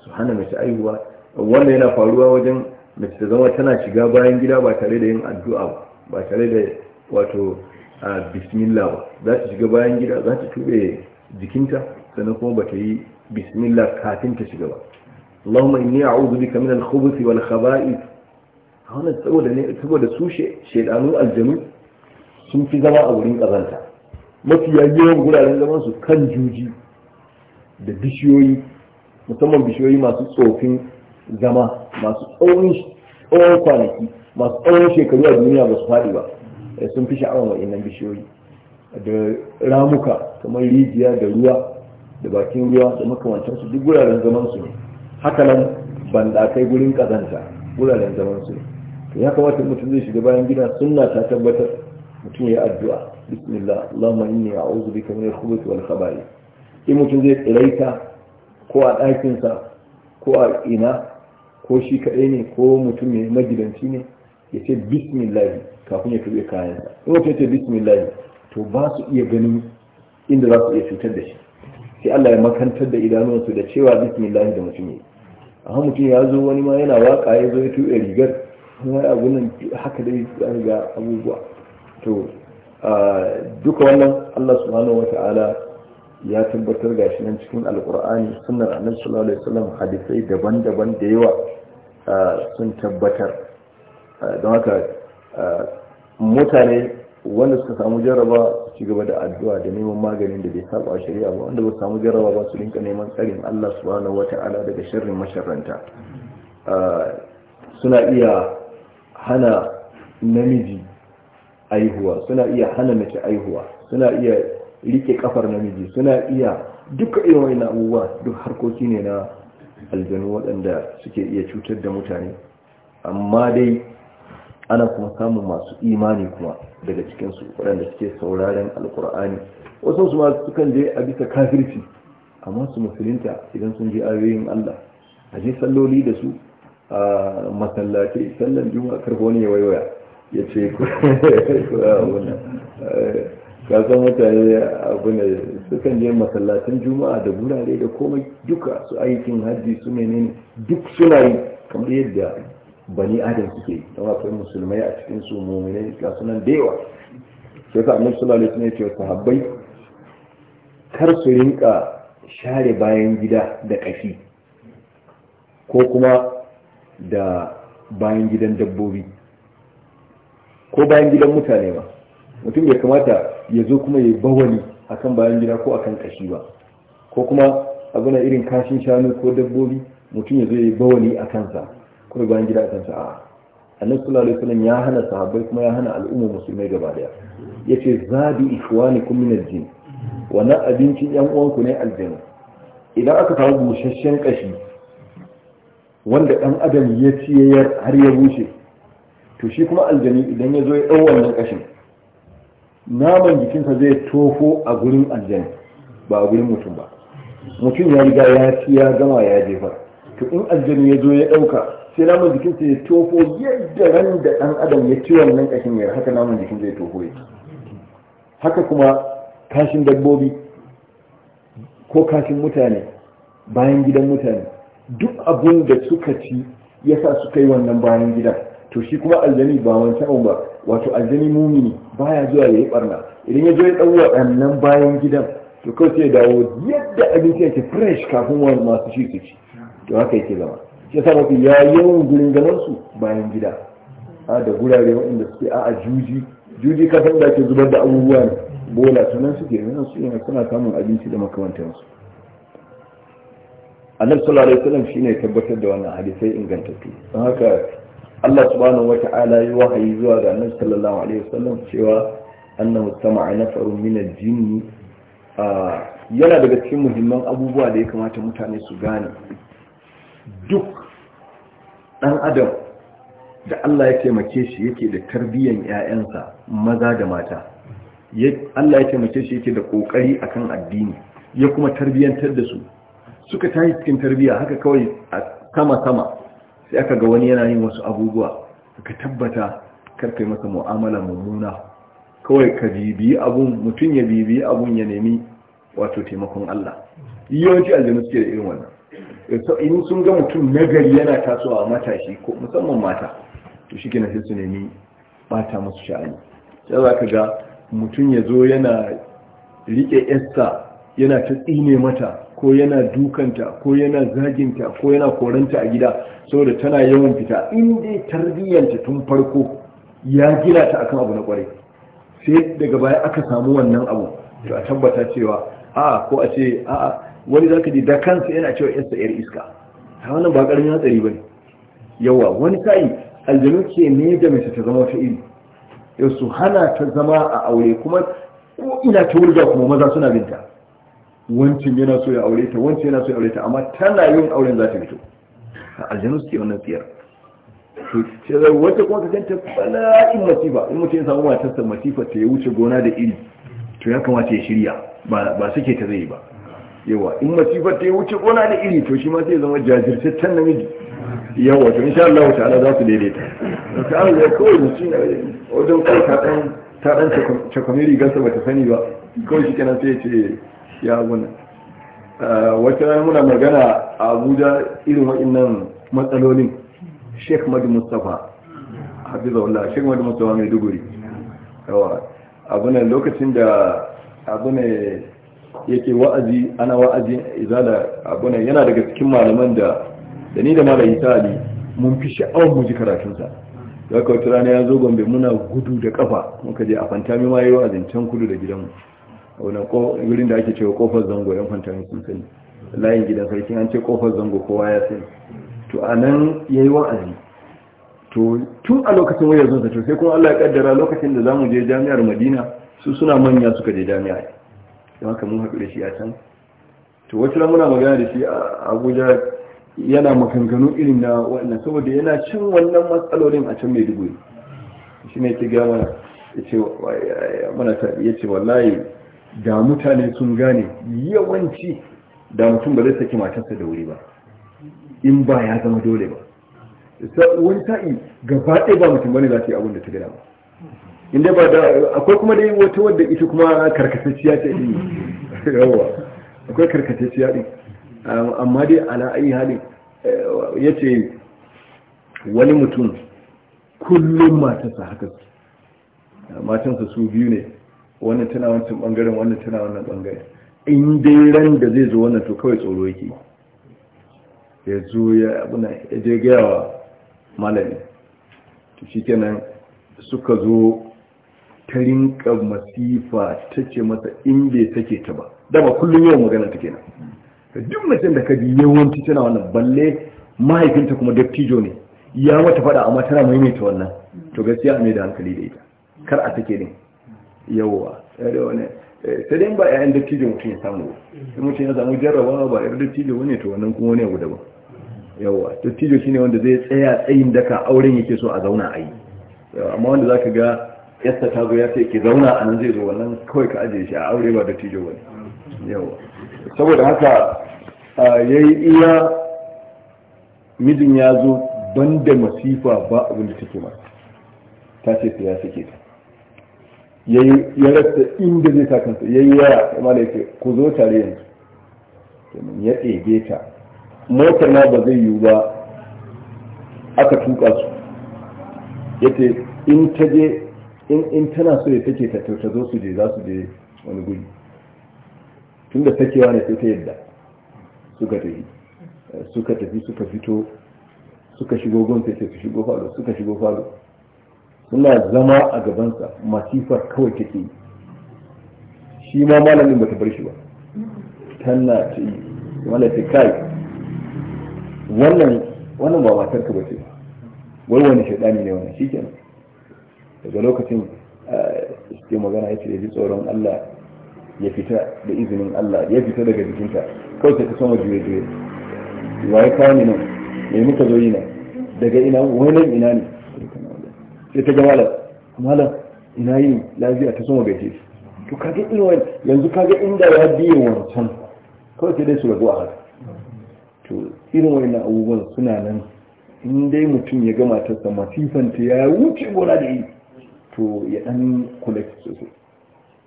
su hana mace aihuwa wanda yana faruwa wajen mace ta zama tana shiga bayan gida ba tare da yin addu'a ba ba tare da wato bismillah ba za ta shiga bayan gida za ta tube jikinta sannan kuma ba ta yi bismillah kafin ta shiga ba Allahumma inni a'udhu bika min al-khubuth wal khaba'ith wannan saboda ne saboda su shedanu aljanu sun fi zama a wurin kazanta mafi yawan guraren zaman su kan juji da bishiyoyi musamman bishiyoyi masu tsofin zama masu tsawon kwanaki masu tsawon shekaru a duniya ba su faɗi ba eh, sun fi sha'awar wa'innan bishiyoyi da ramuka kamar rijiya da ruwa da bakin ruwa da su duk wuraren zaman su ne haka nan kai gurin kazanta wuraren zaman su ne ya kamata mutum zai shiga bayan gida sunna ta tabbatar mutum ya addu'a bismillah allahumma inni a'udhu bika min al-khubuthi wal khaba'ith in mutum zai tsiraita ko a ɗakinsa ko a ina ko shi kaɗai ne ko mutum mai magidanci ne ya ce bismillahi kafin ya tuɓe kayansa in mutum ya ce bismillahi to ba su iya ganin inda za su iya cutar da shi sai Allah ya makantar da idanuwansu da cewa bismillahi da mutum ya amma mutum ya zo wani ma yana waka ya zo ya tuɓe rigar wani abu nan haka dai ga abubuwa to duka wannan Allah subhanahu wa ta'ala ya tabbatar ga shi nan cikin alkur'ani sunnar annabi sallallahu alaihi wasallam hadisai daban-daban da yawa sun tabbatar don haka mutane wanda suka samu jarraba su ci gaba da addu'a da neman maganin da bai saba shari'a ba wanda ba su samu jarraba ba su rinka neman tsarin Allah subhanahu wata'ala daga sharrin masharranta suna iya hana namiji aihuwa suna iya hana mace aihuwa suna iya rike kafar namiji suna iya duka irin wani abubuwa duk harkoki ne na aljanu waɗanda suke iya cutar da mutane amma dai ana kuma samun masu imani kuma daga cikinsu waɗanda suke sauraren alkur'ani wasu su masu sukan je a bisa kafirci amma su musulunta idan sun je ayoyin allah a je salloli da su a masallaci sallan juma'a karfe ya waiwaya ya ce kasan mutane abu ne sukan je masallacin juma'a da gurare da komai duka su aikin hajji su menene duk suna yi kamar yadda bani adam suke yi don akwai musulmai a cikin su muminai ga sunan da yawa sai sa annabi sallallahu ne wasallam ya ce kar su rinka share bayan gida da kashi ko kuma da bayan gidan dabbobi ko bayan gidan mutane ba mutum bai kamata ya zo kuma ya yi bawali akan bayan gida ko a kan kashi ba ko kuma abuna irin kashin shanu ko dabbobi mutum ya zo ya yi bawani a kansa ko da bayan gida a kansa a annan alaihi ya hana sahabbai kuma ya hana al'umma musulmai gaba daya yace zabi kun min al jin wannan abincin yan uwanku ne aljanu idan aka samu busasshen kashi wanda dan adam ya ciye har ya bushe to shi kuma aljanu idan ya zo ya dau wannan kashin naman jikinsa zai tofo a gurin aljan ba a gurin mutum ba mutum ya riga ya ci ya gama ya jefa. to in aljanu ya zo ya ɗauka sai naman jikinsa ya tofo yadda ran da ɗan adam ya ci wannan kashin ya haka naman jikin zai tofo ya haka kuma kashin dabbobi ko kashin mutane bayan gidan mutane duk abin da suka ci yasa suka yi wannan bayan gidan to shi kuma aljani ba wancan ba wato aljani mumini baya zuwa ya barna idan ya zo ya ɗau nan bayan gidan to kawai sai dawo yadda abinci yake fresh kafin wani masu shi su ci to haka yake zama shi yasa mafi ya yawan gurin ganin su bayan gida a da gurare waɗanda suke a juji juji kafin da ke zubar da abubuwa ne bola sunan suke nan su yana suna samun abinci da makamantansu annabi sallallahu alaihi wasallam shine tabbatar da wannan hadisai ingantattu don haka Allah subhanahu wa ta'ala yi wahayi zuwa ga annabi sallallahu alaihi wasallam cewa annahu sama'a nafarun min al-jinn yana daga cikin muhimman abubuwa da ya kamata mutane su gane duk dan adam da Allah ya taimake shi yake da tarbiyyar ƴaƴansa maza da mata Allah ya taimake shi yake da kokari akan addini ya kuma tarbiyantar da su suka tashi cikin tarbiyya haka kawai a sama sama sai aka ga wani yana yin wasu abubuwa ka tabbata yi masa mu'amala mummuna kawai ka bibiyi abun mutum ya bibiyi abun ya nemi wato taimakon Allah yawanci aljanu suke da irin wannan in sun ga mutum nagari yana tasowa matashi ko musamman mata to shi gina sai su nemi bata masu sha'ani sai za ka ga mutum ya zo yana riƙe esta yana ta tsine mata ko yana dukanta ko yana zaginta ko yana koranta a gida saboda tana yawan fita in tarbiyyanta tun farko ya gina ta akan abu na kwarai sai daga baya aka samu wannan abu to a tabbata cewa a ko a ce a wani zaka ji da kansa yana cewa yarsa yar iska ta wannan ba karamin hatsari bane yawa wani sai aljanu ke ne da mace ta zama ta iri yau su hana ta zama a aure kuma ko ina ta wurga kuma maza suna binta wancin yana so ya aure ta wancin yana so ya aure ta amma tana yin auren za ta fito A aljanu suke wannan tsiyar to wata kuma ta ganta bala'in masifa in mutum ya samu matarsa masifa ta ya wuce gona da iri to ya kamata ya shirya ba suke ta zai ba yawa in masifa ta ya wuce gona da iri to shi ma sai ya zama can namiji yawa to insha Allah ala za su daidaita to ka Allah kawai mutum na wajen kai ta dan ta dan ba bata sani ba kawai shi kenan sai ya ce ya guna ah, wata rana muna magana a abuja irin wa'annan matsalolin sheikh madu mustapha hafizahullah sheikh madu mustapha mai duguri abunan lokacin da abunan yake wa'azi ana wa'azi izala abunan yana daga cikin malaman da da ni da malayi ta'ali mun fi sha'awar mu ji karatunsa da aka wata rana ya zo gombe muna gudu da kafa muka je a fanta ma yi wa'azin can kudu da gidanmu wani wurin da ake cewa kofar zango yan fantarin sun sani layin gidan sarki an ce kofar zango kowa ya sani to a nan ya yi wa'azi to tun a lokacin wayar zunsa to sai kuma allah ya kaddara lokacin da za mu je jami'ar madina su suna manya suka je jami'a don haka mun haɗu da shi a can to wata ran muna magana da shi a abuja yana maganganu irin na wannan saboda yana cin wannan matsalolin a can mai shi ne ta gaya mana ya ce wallahi da mutane sun gane yawanci da mutum ba zai saki matarsa da wuri ba in ba ya zama dole ba wani sa'i gaba ɗaya ba mutum bane za ta yi abin da ta gada ba inda ba da akwai kuma dai wata wadda ita kuma karkatacciya ce din yawa akwai karkatacciya ɗin amma dai ala ayi halin eh, ce wani mutum kullum matarsa haka matansa su biyu ne wannan tana wancan bangaren wannan tana wannan bangaren in dai ran da zai zo wannan to kawai tsoro yake ya zo ya abuna ya je malami to shikenan suka zo ta rinka masifa ta ce masa in bai take ta ba dama kullum yawan magana ta kenan. duk mutum da ka ji yawanci tana wannan balle mahaifinta kuma dattijo ne ya mata faɗa amma tana maimaita wannan to gaskiya a mai da hankali da ita kar a take ne yawwa eh, sai dai ba yayin dattijo mutum ya samu ba mm. mutum ya samu jarrabawa ba yar dattijo wani to wannan kuma wani abu ba yawa dattijo shine wanda zai tsaya tsayin daka auren yake so a zauna a yi amma wanda zaka ga yasta ta zo ya ce ki zauna a nan zai zo wannan kawai ka ajiye shi a aure ba dattijo ba mm. yawa saboda haka yayi iya mijin ya zo banda masifa ba abin da take ma ta ce ta ya sake ta ya rasta inda zai sa kansa ya yi yara kuma da yake ku zo tare yanzu domin ya ɗebe ta motar na ba zai yiwu ba aka tuka su ya ce in ta je in tana so ya take ta ta zo su je za su je wani guri tun da sakewa ne sai ta yadda suka tafi suka tafi suka fito suka shigo gon sai su shigo falo suka shigo falo suna zama a gabansa masifar kawai take yi shi ma malamin ba ta bar shi ba tana ce yi wanda ce kai wannan wannan ba matar ka bace wai wani shaidani ne wannan kenan daga lokacin eh, suke magana ya ce ya ji tsoron Allah ya fita da izinin Allah ya fita daga jikinta kawai sai ta wajen juye juye waye kawo ne nan me muka zo yi nan daga ina wani ina ne sai ta ga malam ina yi lafiya ta sama gaishe to kaga irin yanzu kaga inda ya biye wancan kawai sai dai su rabu a haka to irin wani abubuwan suna nan in dai mutum ya ta matarsa sifanta ya wuce gona da yi to ya dan kula sosai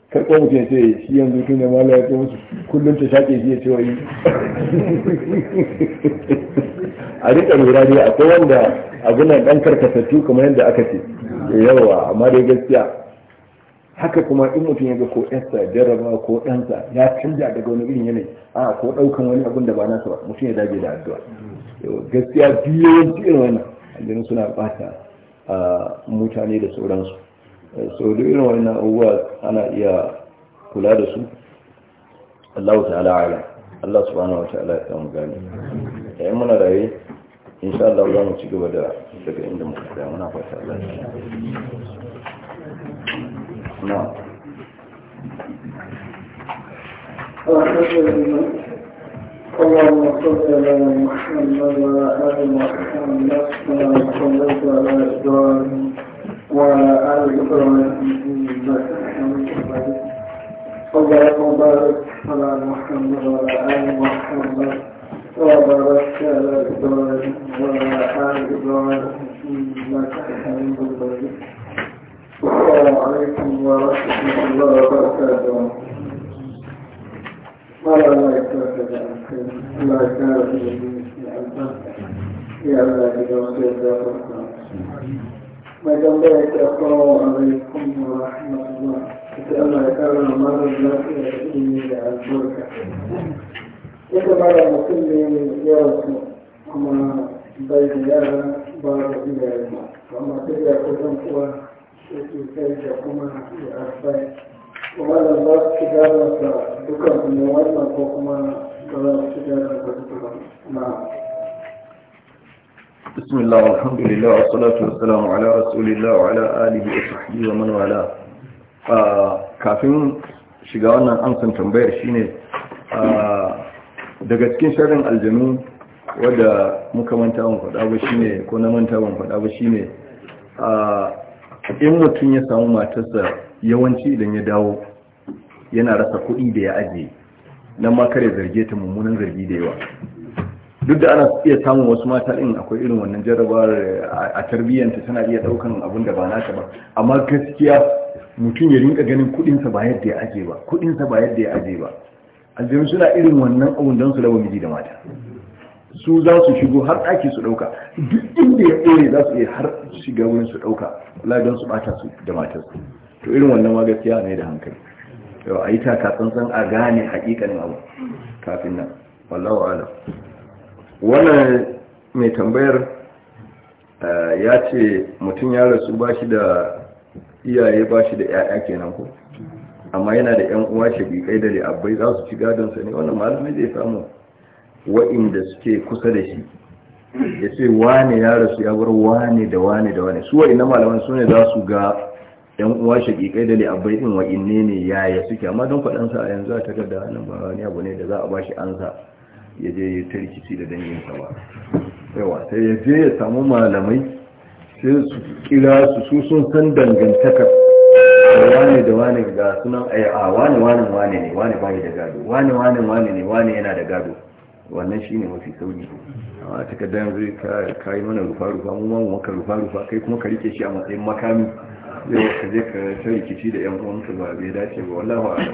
karɓar mutum ya ce shi yanzu tun da mala ya ce musu kullum ta shaƙe shi ya ce wani a rika lura a akwai da abinan ɗan karkatattu kamar yadda aka ce eh, yawa amma dai gaskiya haka kuma in mutum ya ga ko yarsa jarraba ko ɗansa ya canja daga wani irin yanayi a ko ɗaukan wani abun da ba nasa ba mutum ya dage da addu'a gaskiya biyoyin irin wannan aljanu suna ɓata mutane da sauransu so duk irin wani abubuwa ana iya kula da su Allah ta'ala ala Allah subhanahu wa ta'ala ya mu gani yayin muna raye insha Allah za mu ci gaba da daga inda muka tsaya muna fata Allah na اللهم صل على محمد وعلى ال محمد كما صليت على ابراهيم وعلى الكرامة صلى وبارك على محمد وعلى آل محمد وبارك على إبراهيم وعلى آل إبراهيم إنك حميد مجيد السلام عليكم ورحمة الله وبركاته ولا لا يكتفي لا يكتفي يا الله يا الله majallar assalamu alaikum wa rahmatullah ita ana kara malar lafiya da ilimi da albarka ita mara mutum ne ya rasu kuma bai da yara ba da iyaye amma duk da kusan kuwa yake kai da kuma ya arfai kuma da za su shiga masa dukkan kuma wannan ko kuma ba za su shiga masa dukkan na بسم الله والحمد لله والصلاة والسلام على رسول الله وعلى آله وصحبه ومن والاه kafin shiga wannan amsan tambayar shine ah, daga cikin sharrin aljanu wadda muka manta ban faɗa ba ne ko na manta ban faɗa ba shine ah, in mutum ya samu matarsa yawanci idan ya dawo yana rasa kuɗi da ya ajiye nan ma kare zarge ta mummunan zargi da yawa duk da ana iya samun wasu mata ɗin akwai irin wannan jarabar a tarbiyyanta tana iya ɗaukan abin da ba naka ba amma gaskiya mutum ya rinka ganin kuɗinsa ba yadda ya aje ba kuɗinsa ba yadda ya aje ba aljihun suna irin wannan abin don su raba miji da mata su za su shigo har ɗaki su ɗauka duk inda ya ɗore za su iya har shiga wurin su ɗauka wala don su ɓata su da su to irin wannan ma gaskiya ne da hankali yau a yi taka tsantsan a gane hakikanin abu kafin nan wallahu alam wannan mai tambayar eh, ya ce mutum ya rasu ba shi da iyaye ba shi da 'ya'ya kenan ko amma yana da 'yan uwa kai da li'abbai za su ci gadonsa ne wannan malamai zai samu wa'inda suke kusa da shi ya ce wane ya rasu ya bar wane da wane da wane su wa'in na malaman su ne za su ga 'yan uwa kai da li'abbai ɗin wa'inne ne yaya suke amma don faɗansa a yanzu a takarda hannun ba wani abu ne da za a ba shi ansa ya je ya tarkici da danginsa ba yawa sai ya je ya samu malamai sai su kira su su sun san dangantakar wane da wane ga sunan a wane wane wane ne wane bai da gado wane wane wane ne wane yana da gado wannan shine mafi sauki amma takardar yanzu ka yi mana rufa-rufa mu ma maka rufa-rufa kai kuma ka rike shi a matsayin makami yau ka je ka ta rikici da yan ka ba bai dace ba wallahu a'lam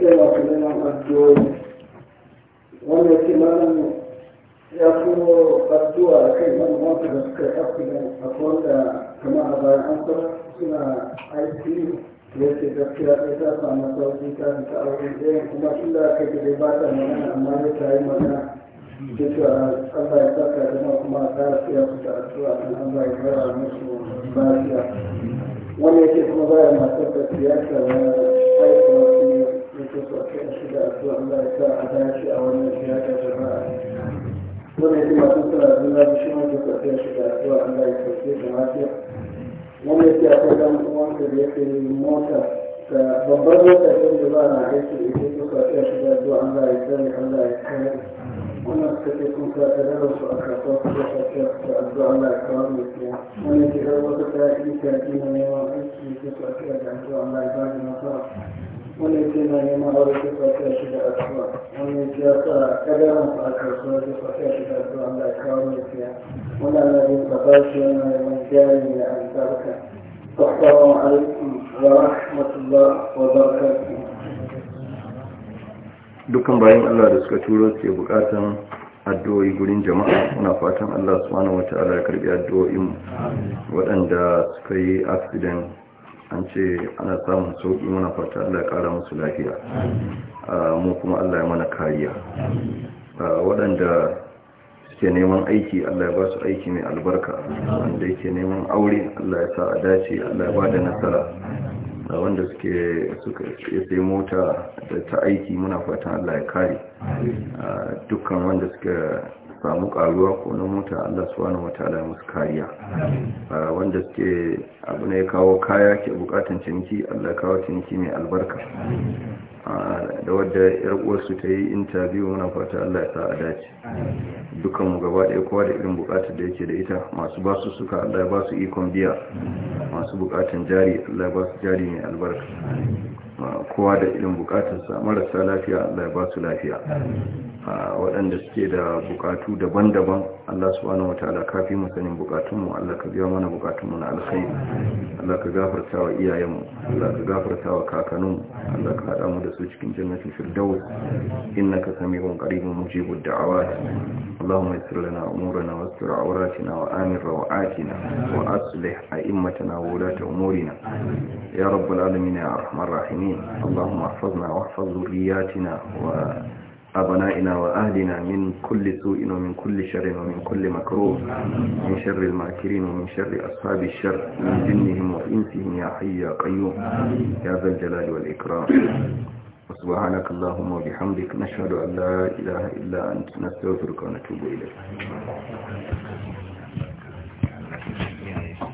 yana da yana addu'o'i wanda ke malam ya kuma addu'a a kan yan uwansa da suka yi afirka a wanda kama a bayan an san suna aiki da yake gaskiya ɗaya ta samu sauƙi ta aure ɗaya kuma inda aka gida ba ta amma ya ta yi magana da cewa Allah ya saka jama kuma a tsara siya su da addu'a kan Allah ya fara musu lafiya wanda yake kuma baya masu da ta aiki cikin su a kai shi da addu'a a a shi ma ke shi da addu'a Allah ya sauke da lafiya wannan yake akwai dan uwan da ya ke mota da babbar mota ta da ba na aiki da ke tsarafin shi da addu'a Allah ya tsare Allah ya kare wannan suka ce kun sa ta dara su a kasuwa su da tsarafin da addu'a Allah ya kawo mai kiya wannan yake har wata ta yi ta yi na neman aiki da ke tsarafin da Allah ya ba da nasara wanda ke na neman aure ta kwata shi da asuwa wanda ya sa kadaran sa aka so ta kwata shi da kawo mai fiya wanda na yin ka ba shi yana neman jari mai albarka assalamu alaikum wa rahmatullah wa barakatuh dukkan bayan Allah da suka turo ke bukatan addu'o'i gurin jama'a muna fatan Allah subhanahu wataala ya karbi addu'o'in waɗanda suka yi accident an ce ana samun sauƙi mana fata Allah ya ƙara musu lafiya ah, mu kuma Allah ya mana kariya ah, waɗanda ke neman aiki Allah ya ba su aiki mai albarka wanda yake neman aure Allah ya sa a dace Allah ya ba da nasara da ah, wanda suke suka sai mota da ta aiki muna fatan Allah ya kare dukkan wanda suka samu karuwa ko na mota Allah subhanahu wataala musu kariya ah, wanda suke abu ne kawo kaya ke bukatan cinki Allah kawo cinki mai albarka ah, da wadda yar uwarsu ta yi interview muna fata Allah ya sa a dace dukan mu gaba ɗaya kowa da irin bukatar da yake da ita masu basu suka Allah ya ba su ikon biya masu bukatan jari Allah ya ba su jari mai albarka kowa da irin sa marasa lafiya Allah ya ba su lafiya waɗanda suke da bukatu daban-daban Allah subhanahu wataala kafi mu sanin bukatun Allah ka biya mana bukatun mu na alkhairi Allah ka gafarta wa iyayenmu. Allah ka gafarta wa kakannin Allah ka hada mu da su cikin jannatin firdaus innaka samiun qaribun mujibud da'awat اللهم يسر لنا أمورنا واستر عوراتنا وآمن روعاتنا وأصلح أئمتنا وولاة أمورنا يا رب العالمين يا أرحم الراحمين اللهم احفظنا واحفظ ذرياتنا Wa. أبنائنا وأهلنا من كل سوء ومن كل شر ومن كل مكروه من شر الماكرين ومن شر أصحاب الشر من جنهم وإنسهم يا حي يا قيوم يا ذا الجلال والإكرام وسبحانك اللهم وبحمدك نشهد أن لا إله إلا أنت نستغفرك ونتوب إليك